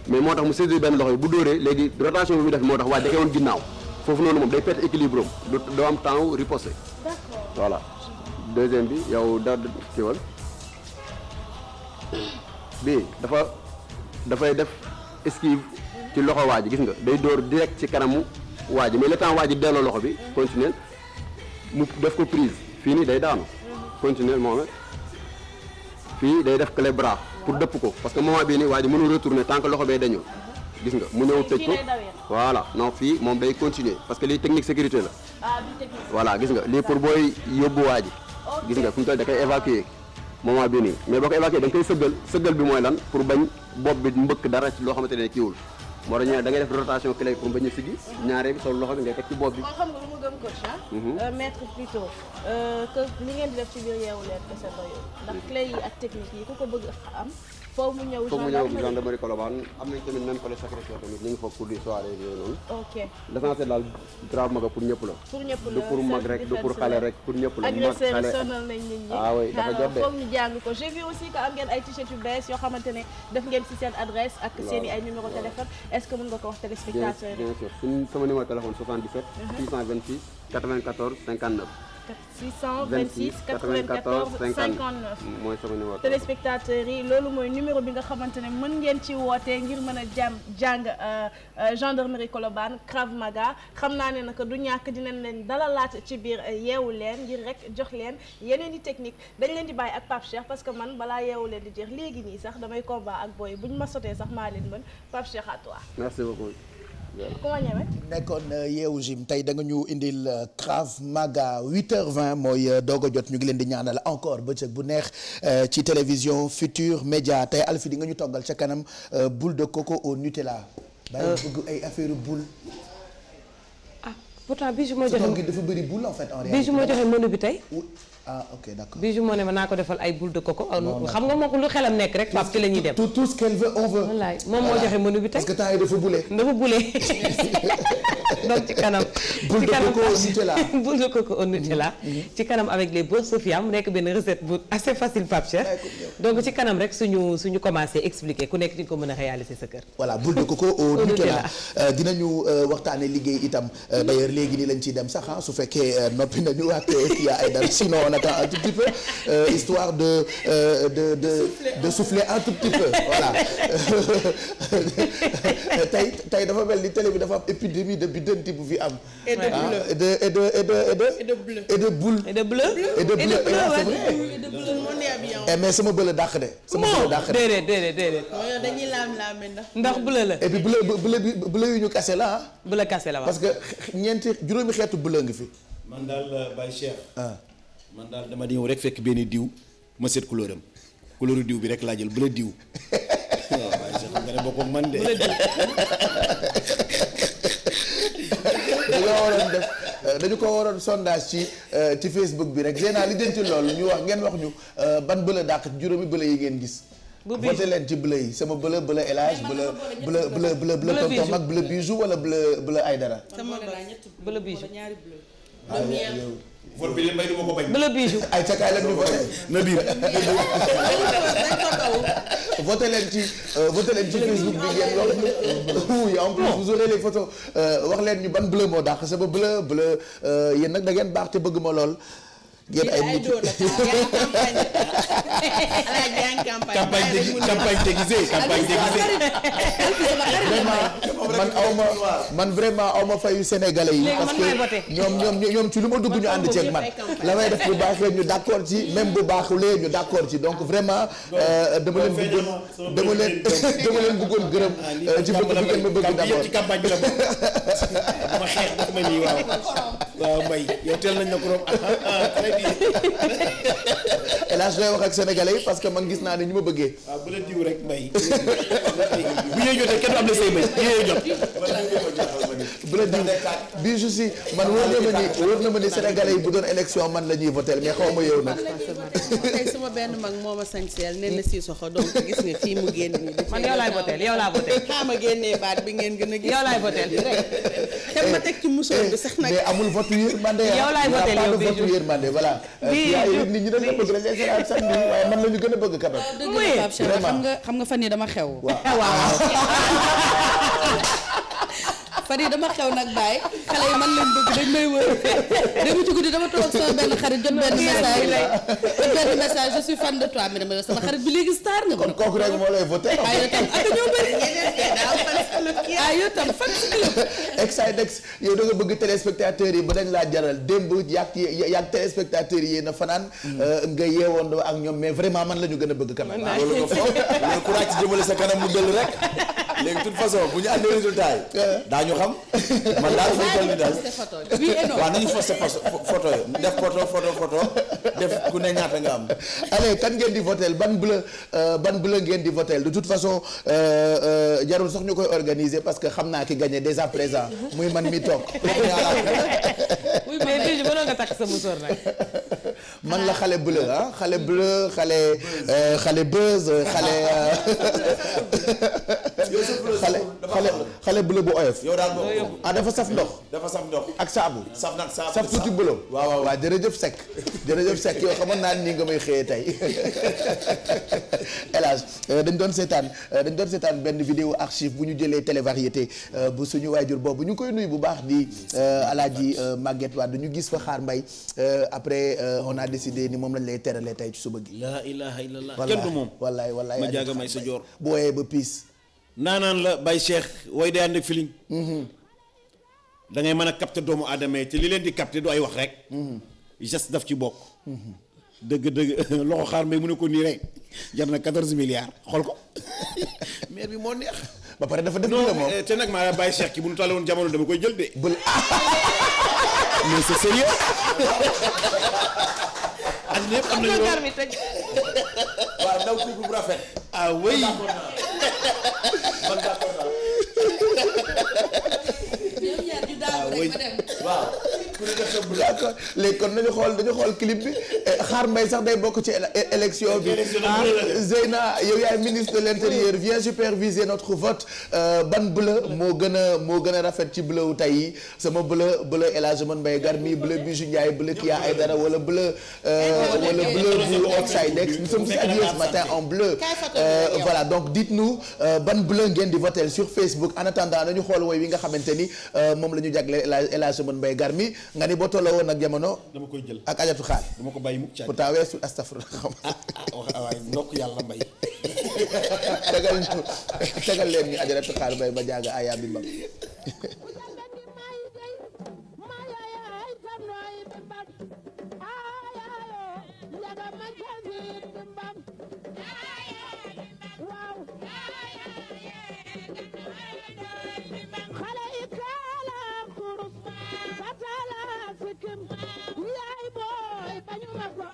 mais moo tax mu saisir benn loxo bu dóoree léegi rotation bi mu def moo tax waa ji da koy woon ginnaaw foofu noonu moom day perte équilibre am doo am temps riposter voilà deuxième bi yow da kiiwal bii dafa dafay ci loxo waa ji gis nga day dóor direct ci kanamu waa ji mais le temps waa ji delloo loxo bi continuer mu def ko prise fii nii day daanu continuer moom fii day def clé bras pour dëpp ko parce que moment bii nii waa ji mënul retourner tant que loxo bee dañul gis nga mu ñëw tëj ko voilà non fii moom day continuer parce que lii technique sécurité la ah, voilà gis nga lii pour booy yóbbu waa ji gis nga fu mu toll da koy évacuer moment bii nii mais boo ko évacuer da koy sëggal sëggal bi mooy lan pour bañ bopp bi dara ci loo xamante ne kiiwul moo tax dangay ne da ngay def rotation clé pour bañ a siggi ñaaree bi sol loxo bi ngay teg ci bopp bi. xam nga lu ma gëm coach ah. Mhm. Euh, maître plutôt euh, que li ngeen di def si biir yeewu leen kese doyul. ndax clé yi ak technique yi ku ko bëgg am. foofu mu ñëw gendarmerie Colobane am nañ tamit même collège secrétaire tamit ñu ngi foofu pour di soirée yooyu noonu ok l'essentiel daal Draw Maga pour ñëpp la pour ñëpp la du pour mag rek du pour xale rek pour ñëpp la agresseur yi sonal nañ nit ñi ah oui dafa jot de foog ñu jàng ko j'ai vu aussi que am ngeen ay t-shirt bees yoo xamante ne def ngeen si seen adresse ak seen i ay numéro téléphone est-ce que mën nga ko wax téléspectateurs yi bien 626 94 59 mooy sama numéro téléspectateurs yi loolu mooy numéro bi nga xamante ne mën ngeen ci woote ngir mën a jàmm jàng euh, euh, gendarmerie Colobane Krav Maga xam naa ne naka du ñàkk dinañ leen dalalaat ci biir euh, yeewu leen ngir rek jox leen yeneen di technique dañ leen di bàyyi ak Pape Cheikh parce que man balaa yeewu leen di jeex léegi nii sax damay combat ak booy bu ñu ma sotee sax maa leen mën Pape Cheikh at toi merci beaucoup nekkoon euh, yeewu gym tey da nga ñu indil euh, Krav Maga 8h20 mooy euh, doog jot ñu ngi leen di la encore bëccëg bu neex ci télévision Futur Média tey Alfi di nga ñu toggal ca kanam boule de coco au Nutella. bàyyi bëgg ay affaire boule. Ah, pourtant bii su ma joxe bëri boule mënu bi tey. ah ok d'accord Bijou moo ne ma naa ko defal ay boule de coco. xam nga moom lu xelam nekk rek. Pape ci la ñuy dem tout tout ce ci kanam. boule de mm-hmm. Mm-hmm. nekk benn recette bu assez facile Pape ah, kanam rek suñu suñu commencé expliquer ku nekk di ko mën a réaliser sa kër. voilà boule de coco au Nutella euh, dinañu euh, waxtaane liggéey itam euh, mm-hmm. d'ailleurs léegi nii lañ ciy dem sax ah, su fekkee noppi nañu ak yaa ay dara sinon matin un tout euh, histoire de, euh, de de de souffler un tout tey dafa mel ni télé bi dafa am épidémie de biddanti bu fi am. et de ah, bleu et de et de et de et de bële ah, eh, dàq de. sama dàq de oh, ndax. ndax bleu la. yu ñu kase la ah. bleu kase la waaw parce que ñeenti juróomi xeetu bleu ngi fi. man daal dama di ñëw rek fekk benn diw ma seet couleur couleur diw bi rek laa jël bu diw waaw waaye sax nga ne bokkul man de. dañoo waroon def dañu ko waroon sondage ci euh, ci Facebook bi rek Zeyna li jëm lool loolu ñu wax ngeen wax ñu euh, ban bële dàq juróomi bële yi ngeen gis. voté leen ci bleu yi sama bleu bleu élage bleu bleu bleu bleu bleu tonton mag bleu bijou wala bleu bleu ay dara. sama bleu ñaari bleu. vote bii mbay du ma ko la biiju ay ca kaay la ñu voté na biir. voté leen ci euh, voté leen ci Facebook bi ngeen loolu. oui en plus vous aurez les photos euh, wax leen ñu ban bleu moo dàq sama bleu bleu euh, yéen nag da ngeen baax te bëgg ma lool. yéen ay mucc campagne déguisée campagne déguisée campagne déguisée man aw ma man vraiment aw ma fayu sénégalais yi parce que ñoom ñoom ñoom ci lu ma dugg ñu ànd ceeg man la may def bu baaxee ñu d'accord ci même bu baaxulee ñu d'accord ci donc vraiment euh, dama leen bëggoon dama leen dama leen bëggoon gërëm ah, euh, ci bëgg bi ngeen ma bëgg d'abord ci campagne bi la bokk ma xeex daf ma nii waaw waaw Mbaye El Hadj wax ak sénégalais yi parce que man gis naa ne ñu ma bëggee. waaw ah, bu la diw rek may. bu ñuy jotee kenn du la say may bu bi je ma ni wóor yi bu doon élection man la ñuy votel mais xaw ma yow nag. tey suma benn mag moo a sañseel nee na si soxo donc gis nga fii mu génn nii. man yow laay votel yow laa votel. xaaral ma génnee baat bi ngeen gën a gis. laay votel rek. te ma teg ci musoor bi sax nag. Eh, mais amul vote yërmande ah. yow laay votel yow bi voilà seetaan. fii ay nit ñi dañ la bëgg dañ lay seetaan sax nii waaye man la gën a bëgg quand même. dëgg la xam nga xam nga fan yii dama xew. waaw fan yii dama xew nag Baye xale yi man lañ bëgg dañ may wër dama ci guddi dama toog sama benn xarit jot benn message jot benn message je suis fan yow sama moo lay voté. ah yow tam ak ah, ñoo bëri. Ah, bëgg téléspectateurs yi ba dañ laa jaral démb yàgg yàgg téléspectateurs yi yéen a fanaan. Mm. Euh, nga yeewoon ak ñoom mais vraiment man la ñu gën a bëgg kanam. loolu nga foofu loolu courage ci sa kanam mu dëll rek. léegi toute façon bu ñu àndee résultat yi. daañu xam. man daal fu ñu toll yi def photo photo photo def ku ne ñaata nga am. allez kan ngeen di votel ban bleu euh, ban bleu ngeen di votel de toute façon euh, euh, jarul sox ñu koy organiser parce que xam naa ki gagné dès à présent muy man mi toog. man la xale bleu ah xale bleu xale xale buzz xale. xale xale xale bleu bu oyof. yow daal ah dafa saf ndox. dafa saf ndox ak saabu. saf nag saabu saf tuuti waaw jërëjëf Seck jërëjëf Seck yow xamoon naa ni nga may xëyee tey El euh, dañ doon seetaan euh, dañ doon seetaan benn vidéo archive bu ñu jëlee télévariété euh, bu suñu waajur boobu ñu koy nuyu bu baax di Alaaji Maguette Wade ñu gis fa xaar mbay après on a décidé ni moom lañ lay teralee tey ci suba gi. la ilaha illallah kenn du moom wallaay wallaay ma jaaga may sa joor bu woyee ba piis naanaan la Baye Cheikh way day ànd ak feeling mhm. da mën a capter doomu aadama yi te li leen di capter du ay wax rek mhm. geste daf ci bokk dëgg-dëgg mhm. loxo xaar mbay mu ne ko nii rek jar na quatorze milliards xool ko maire bi moo neex ba pare dafa def la moom te nag maa Baye Cheikh ki bu nu tàllewoon jamono dama koy jël de bul mais c'est sérieux àddina yëpp am nañu waaw ndaw kii bu rafet. ah oui man d'accord naa man d'accord léegi kon nañu xool dañu xool clip bi eh, xaar mbay sax day bokk ci élection bi ah Zeyna yow yaay ministre de l'intérieur viens superviser notre vote euh, ban bleu moo gën a moo gën a rafet ci bleu wu tey sama bleu bleu El Hadj Man Mbaye Garmi bleu Bijou Ndiaye bleu Kia Aïdara wala bleu euh, wala bleu bu Oxydex nous sommes sérieux ce matin en bleu euh, voilà donc dites-nous ban bleu ngeen di voter sur Facebook en attendant nañu xool wooy wi nga xamante ni moom la ñu jagle El Hadj Man Mbaye Garmi nga ni boo tolloo woon ak jamono. dama koy jël ak ajatu xaal. dama ko bàyyi mukk caa pourtant weesu astafurlah xam nga. Ah, ah, ah, ah waaye ndokk yàlla mbay. tegal ñu tegal leen ñu ajatu xaal mbay ma jàng ayaa bi mbam. Bam. dëkkam yaay booy bañu ma ko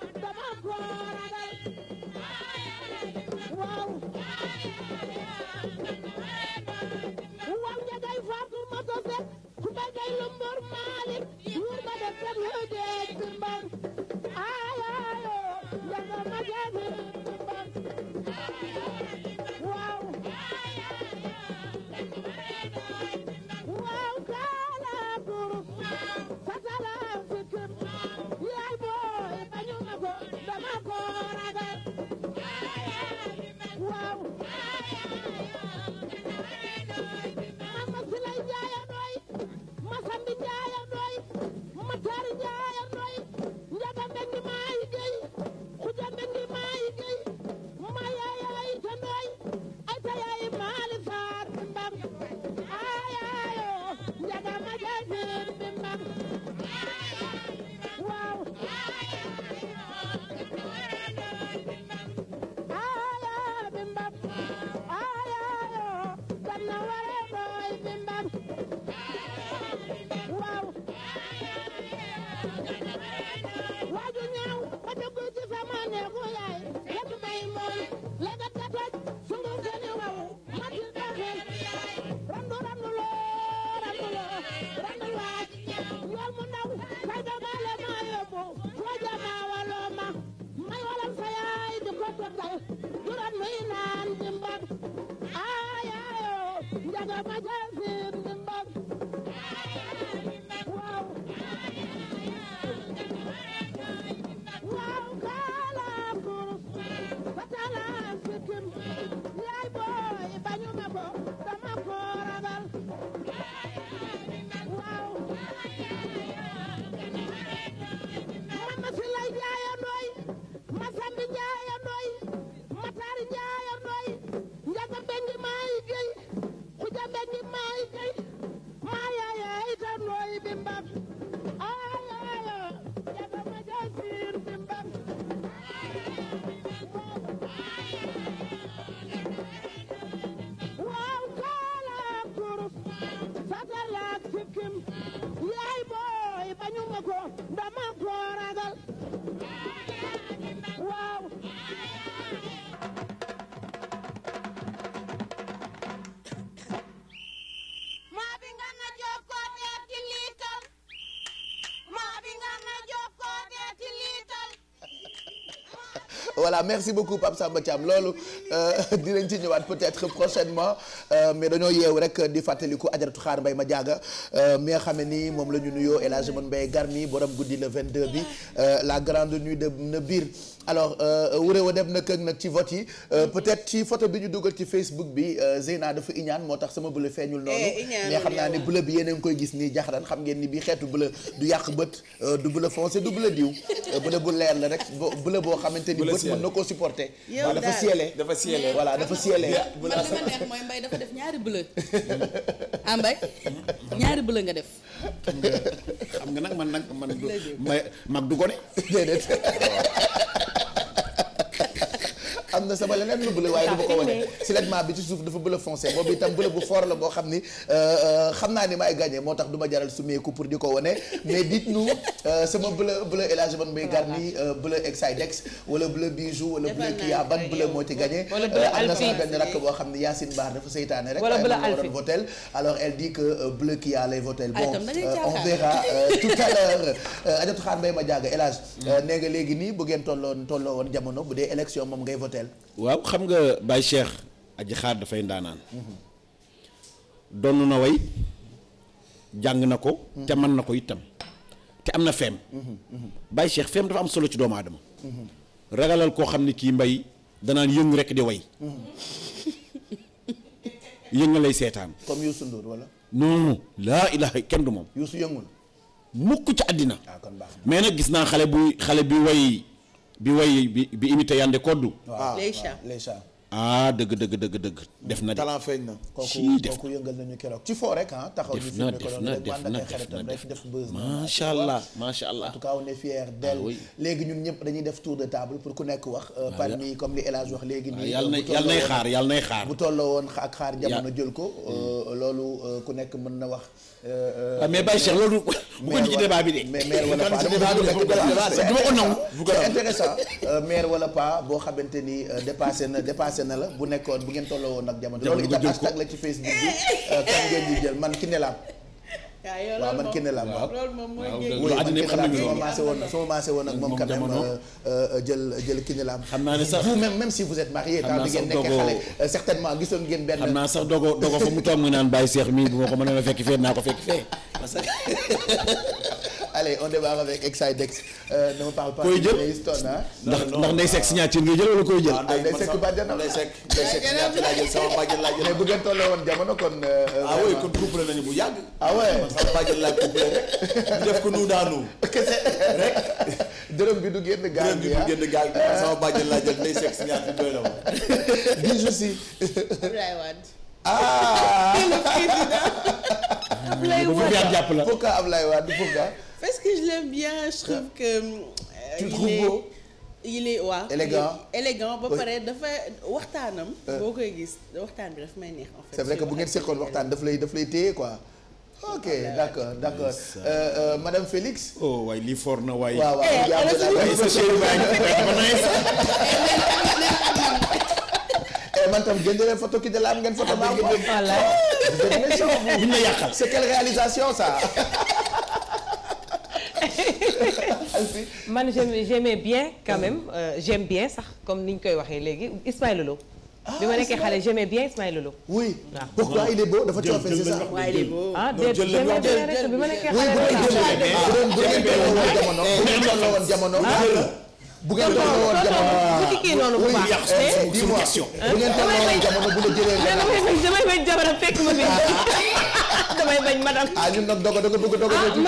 voilà merci beaucoup Pape Samba Thiam loolu euh, dinañ ci ñëwaat peut-être prochainement euh, mais dañoo yeewu rek di fàttaliku ajaratu xaar mbay ma jaaga euh, mi nga xam ne ni moom la ñu nuyoo El Hadj Mane Mbaye Garmi borom guddi le 22 bi la grande nuit de Nebir alors wuréw a dem na këng nag ci vote yi peut-être ci photo bi ñu dugal ci Facebook bi Zeyna dafa iñaan moo tax sama bleu feeñul eh, noonu mais xam naa ni bleu bi yéen a ngi koy gis nii jaxaran xam ngeen ni bi xeetu bleu du yàq bët du bleu foncé du bleu diw bleu bu mën na koo supporter. yow dafa siyelee dafa siyelee voilà dafa siyelee. man li ma neex mooy Mbaye dafa def ñaari bleu. ah Mbaye ñaari bleu nga def. xam nga nag man nag man. mag du ko ne déedéet. na sama leneen lu bleu waaye du ma ko wane siletment bi ci suuf dafa bleu foncé boobu itam bleu bu fort la boo xam ni euh, xam naa ni maay gagné moo tax du ma jaral summeeku pour di ko wane mais dites-nous euh, sama bleu bleu El Hadj Ban Mbaye Garni euh, bleu Exidex wala bleu bijou wala bleu Kia ban bleu moo ci gagné am na sama benn boo xam ni Yacine Baar dafa seytaane rek waaye moom moo doon voté alors elle dit que bleu Kia lay voté ah, bon on verra tout à l'heure Adja Tuxaar Mbaye ma jàgg El Hadj mm. nee nga léegi nii bu ngeen tolloon tolloo woon jamono bu dee élection moom ngay voteel waaw xam nga Baye Cheikh aj xaar dafay ndaanaan donn na way jàng na ko te mën na ko itam te am na feem Baye Cheikh feem dafa am solo ci doomu adama ragalal koo xam ne kii mbay danaan yëng rek di way yënga lay seetaan comme Youssou Ndour wala non laa ilaha kenn du moom Youssou yëngul mukk ci àddina ah, mais nag gis naa xale buy xale bi way bi way bi bi imité yande koddu. waaw Laycha ah dëgg dëgg dëgg def na de talent feeñ na. kooku kooku yëngal nañu keroog ci foo ñu filmé ko noonu rek wànda kay xaritam rek def buzz. macha allah macha allah en tout cas on est fier d'elle. Ah léegi ñun ñëpp dañuy def tour table pour ku nekk wax. Euh, ah, parmi comme li El Hadj wax léegi. nii ah, yàlla nay yàlla nay xaar yàlla nay xaar. bu tolloo woon ak xaar jamono jël ko. Mm. Euh, loolu euh, ku nekk mën na wax. Euh, ah, mais Baye Cheikh loolu. bu ko ci débat bi de. mais maire wala pas dama ko nangu. c'est euh, wala pas boo xamante ni euh, dépassé na dépassé na la bu nekkoon bu ngeen tolloo woon ak jamono. jamono loolu itam hashtag la ci Facebook bi kan ngeen di jël man ki ne waaw man kenn la waaw loolu moom mooy sama maase woon ak moom quand même jël jël kenn la am. xam naa ne sax même même si vous êtes marié. xam naa sax dogoo ngeen nekkee xale certainement gisoon ngeen benn. xam naa sax dogo dogo fa mu toog mu naan bàyyi seex mii bu ma ko mënoon a fekki fee naa ko fekki fee parce que. allez on démarre avec Exidex. Euh, ne me parle pas. koy jël ndax ndax Ndeye Seck signature ngay jël wala koy jël. ah Ndeye Seck bàjjan na Ndeye Seck Ndeye Seck signature jël sama bàjjan jël. mais bu ngeen tollee woon jamono kon. Euh, ah oui kon couple nañu bu yàgg. ah ouais sama bàjjan laa couple rek. def ko nu daanu. bi du génn gaal bi dërëm bi du génn gaal ah. jël Ndeye Seck signature doy na ma. Bijou Sy. Abdoulaye Wade. ah. Abdoulaye Wade. pourquoi parce que je l'aime bien je trouve que. Euh, tu trouves beau il est waaw élégant élégant ba pare dafa waxtaanam. Euh. boo koy gis waxtaan bi daf may neex. en fait c'est vrai que bu ngeen seqoon waxtaan daf lay daf lay téye quoi. ok d'accord d'accord euh, madame Félix. oh waay lii fort na waay. waaw waaw eh, yàlla na waay sa chérie baa ngi dafa nice. Eh, man tam jënd leen photo ki de la am ngeen photo. Ah, maa ngi leen di. voilà. Oh, c'est quelle réalisation ça. man j'aimais bien quand même euh, j'aime bien sax comme ni ñu koy waxee léegi Ismaël Lô. ah bi ma nekkee xale j'aimais bien Ismaël Lô. oui pourquoi il est beau dafa coow fee c'est ça. waaye il est beau ah déet j'aimais bien rek bi ma nekkee xale jamono bu ngeen tolloo woon jamono bu kii noonu bu baax. oui dis-moi bu ngeen tolloo woon jamono bu la jëlee. damay damay damay fekk ma fi. damay bañ madame. ah ñun nag dogo dogo bëgg dogo ñëw ci. ah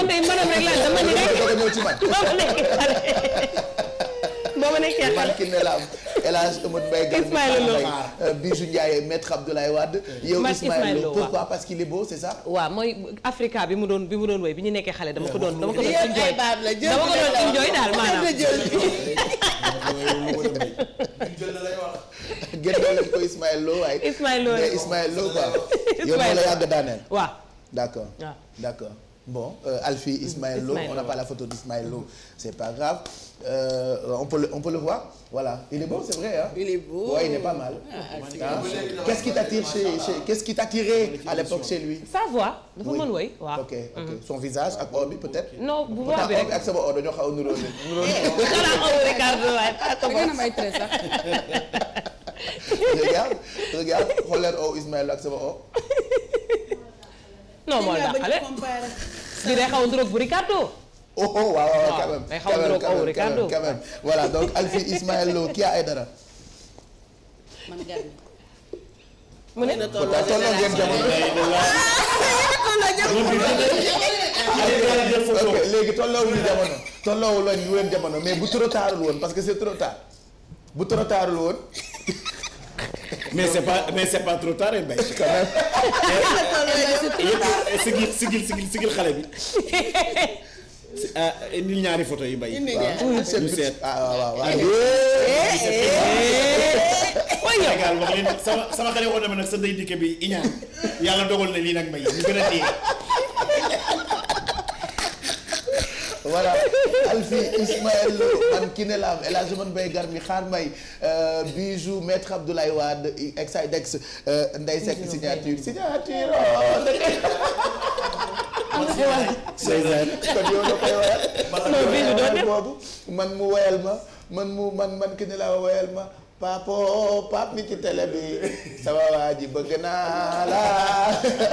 man de madame nekkee xale. ba nekkee xale. barki ne la am El Hadj Amadou Mbaye. Ismaël Lo euh, Bijou Ndiaye maître euh, Lo pourquoi bi mu mu doon woy bi ñu nekkee xale dama ko Lo waaye. Lo waaye Ismaël Lo Lo yow moo la yàgg daaneel. waaw. d'accord ah. d'accord bon euh, Alfie Ismaël Lo on n'a pas la photo d'Ismaël Lo c'est euh, on peut le, on peut le voir voilà il est beau c'est vrai hein il est beau ouais mal ah, qu'est-ce qui t'attire chez, chez qu'est-ce qui t'attirait à sa voix dafa mën woy waaw OK mhm. ak or bi non bu voix ak sama or or Ricardo waay gën a may très sax regarde regarde xoolal o ak sama o non moo la bi day xaw a bu Ricardo. Oh, oh, waaw waaw quand même day donc Alfie Ismaël Lo Kya Aidara. man gàll. mu ne la tolloo ngeen jamono léegi tolloowu jamono mais bu trop tardul parce que c'est trop bu trop tardul mais c'est pas mais c'est pas trop eh sigil sigil sigil sigil xale bi ah, indil ñaari photo yi Mbaye ñu seet ah, waaw waaw eh, eh, sama sama xale woon na nag sa ndey dikke bi iñaan yàlla dogal na lii nag Mbaye ñu gën a téye voilà Alfi Ismaël man ki ne la am El Hadj Oumar Mbaye Garmi xaar mbay bijou maître Abdoulaye Wade ex dex Ndeye Seck signature signature kon yow da koy woyal man mu woyal ma man mu man man ki ne la woyal ma papo pap mi ci télé bi sama waa ji bëgg naa la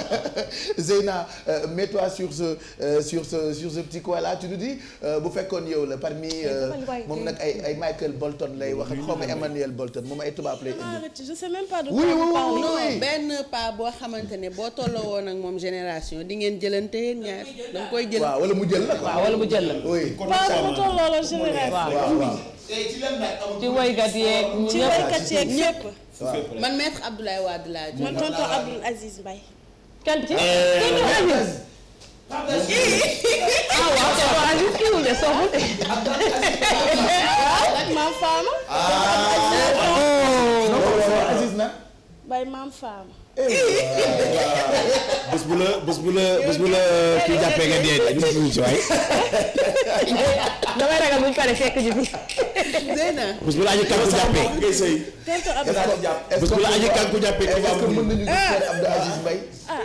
Zeyna euh, mets-toi sur ce euh, sur ce ce petit coin là tu nous euh, bu fekkoon yow la parmi euh, moom nag ay ay Michael Bolton lay wax ak xaw ma Emmanuel Bolton moom ay tubaab lay indi. Ah, je sais même pas de benn pas boo xamante ne boo tolloo woon ak moom génération di ngeen jëlante ñaar da nga koy jël. waaw wala mu jël la. waaw wala mu jël la. oui pas bu tolloo la génération. waaw waaw. ci woykat yeeg ci woykat yeeg ñëpp. man maître Abdoulaye Wade laa man tonton Abdoul Aziz Mbaye. kan ci tonton eh. Aziz. ah waaw tonton Aziz kii wu ñu soxul. ak maam Fama. ah. Aziz na. bay maam Fama. Oh. Oh. bés bu la bés bu la bés bu la euh, kii jàppee nga dee de ñu ngi ci waay. damay ragal bu ñu paree fekk ji bi. bés bu la aji kànku jàppee. bés bu la aji kànku jàppee.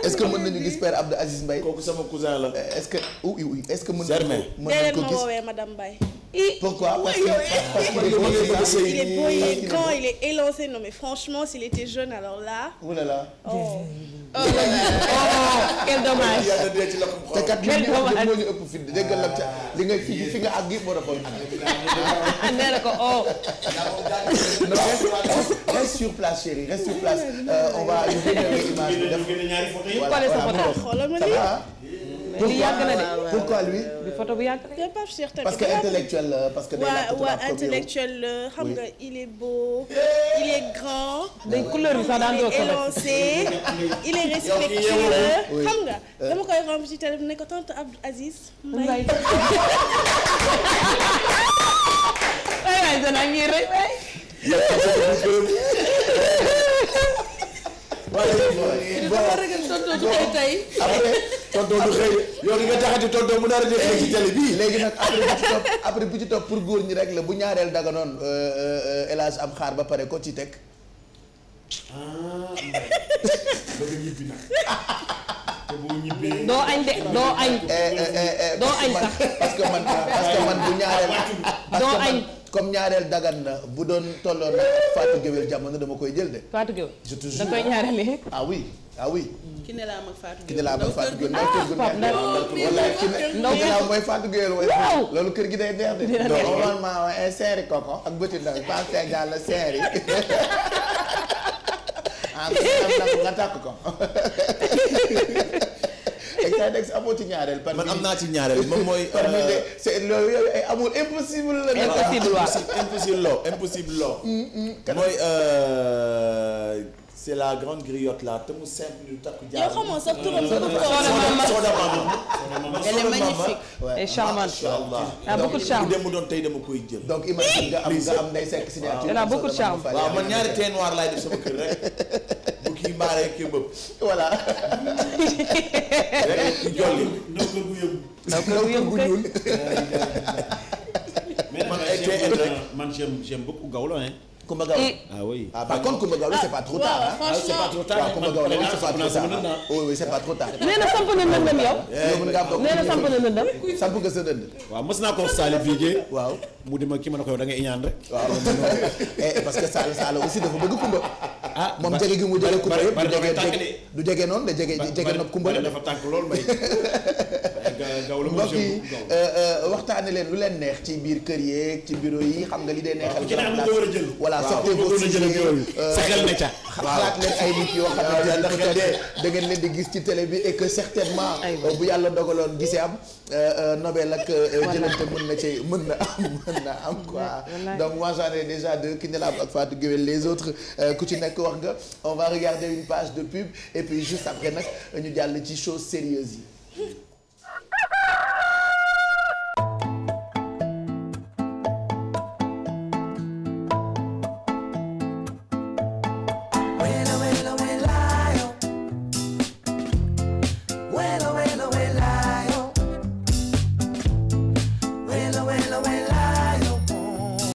est ce que mën nañu gis père Abdou Aziz ah. Mbaye. Ah. est ce que mën nañu gis père Abdou Aziz Mbaye. kooku sama cousin la. Euh, est ce que oui oui est ce que mën nañu ko mën nañu ko gis woowee madame Mbaye. Pourquoi? Parce que il est beau, il est grand, il est élancé. Non mais franchement, s'il était jeune alors là. Ouh là là. oh, oh ah, ah. quel dommage te kat li ñu wax moo ñu ëpp fi dégg la ca li nga fi fi nga àgg yëpp moo defoon àgg. Ah, nee na ko oh. reste sur place chérie reste sur place euh, on va ñu génne image bi def. xoolal ma nii li yàgg na de pourquoi lui bi photo bu yàgg na Pape Cheikh tamit parce que intellectuel euh, parce que waaw waaw intellectuel euh, xam nga il est beau il est grand day couleur bi sax daan doo ko élancé il est respectueux xam nga euh. dama koy romb ci téléphone ne ko tante Abdou Aziz mbay waay dana ngi rek waay tonton du xëy yow li nga taxati tonton mun nar a def ci télé bii. léegi nag après bu ci topp pour góor ñi rek la bu ñaareel daga noonu élage euh, euh, euh, am xaar ba pare ko ci teg. ah Mbaye doo añ de doo añ. Eh, eh, eh, sax parce man bu ñaareel. doo añ. comme ñaareel dagan na bu doon tolloon na Fatou jamono dama koy jël de. Fatou Guewel koy ñaareelee. ah oui ah oui. ki ne mag Fatou Guewel ki ah, mag kër loolu kër gi day neex de. dina neex de normalement seeri koko ak bëti ndaw yi seeri. Ah, nga tàkk ko. tey saa nekk si amoo ci ñaareel. par man am naa ci ñaareel moom mooy. par mille c'est loolu yooyu ay amul impossible la. impossible c'est la grande griotte là te mu simple lu takku jaar. yow xamoo sax turam bu ko elle est magnifique et charmante. elle a beaucoup de charme donc bu doon tey dama koy jël. donc imagine nga am nga am ndey sekk signature. elle a beaucoup de charme waaw man ñaari thé noir laay def sama kër rek bu kii mbaaree kii bëpp voilà. rek ki jolli. ndaw kër bu yëngu. ndaw kër bu yëngu ñuul. man ay man j'aime j'aime beaucoup Gawlo hein. Coumba Gawlo eh. ah oui ah par contre Coumba ah, ah, Gawlo na eh, sa dënd. waaw mës ma ko yow da ngay iñaan rek. waaw eh parce que Sall Sall aussi dafa bëgg Coumba. ah moom jege gi mu jege Coumba yëpp du jege du la dafa tànk lool may. mbokk yi euh, euh, waxtaane lu leen neex ci biir kër yeeg ci bureau yi xam nga li dee neexal. voilà voilà soxna ko si yooyu euh, na ca xalaat leen ay nit yoo xamante ndax da ngeen leen di gis ci télé bi et que certainement euh, bu yàlla dogaloon gisee am euh, Nobel ak jëlante mën na ci mën na am mën na am quoi donc moi j'en ai déjà deux Kiné Lam ak Fatou Guewel les autres ku ci nekk wax nga on va regarder une page de pub et puis juste après nag ñu jàll ci choses sérieuses yi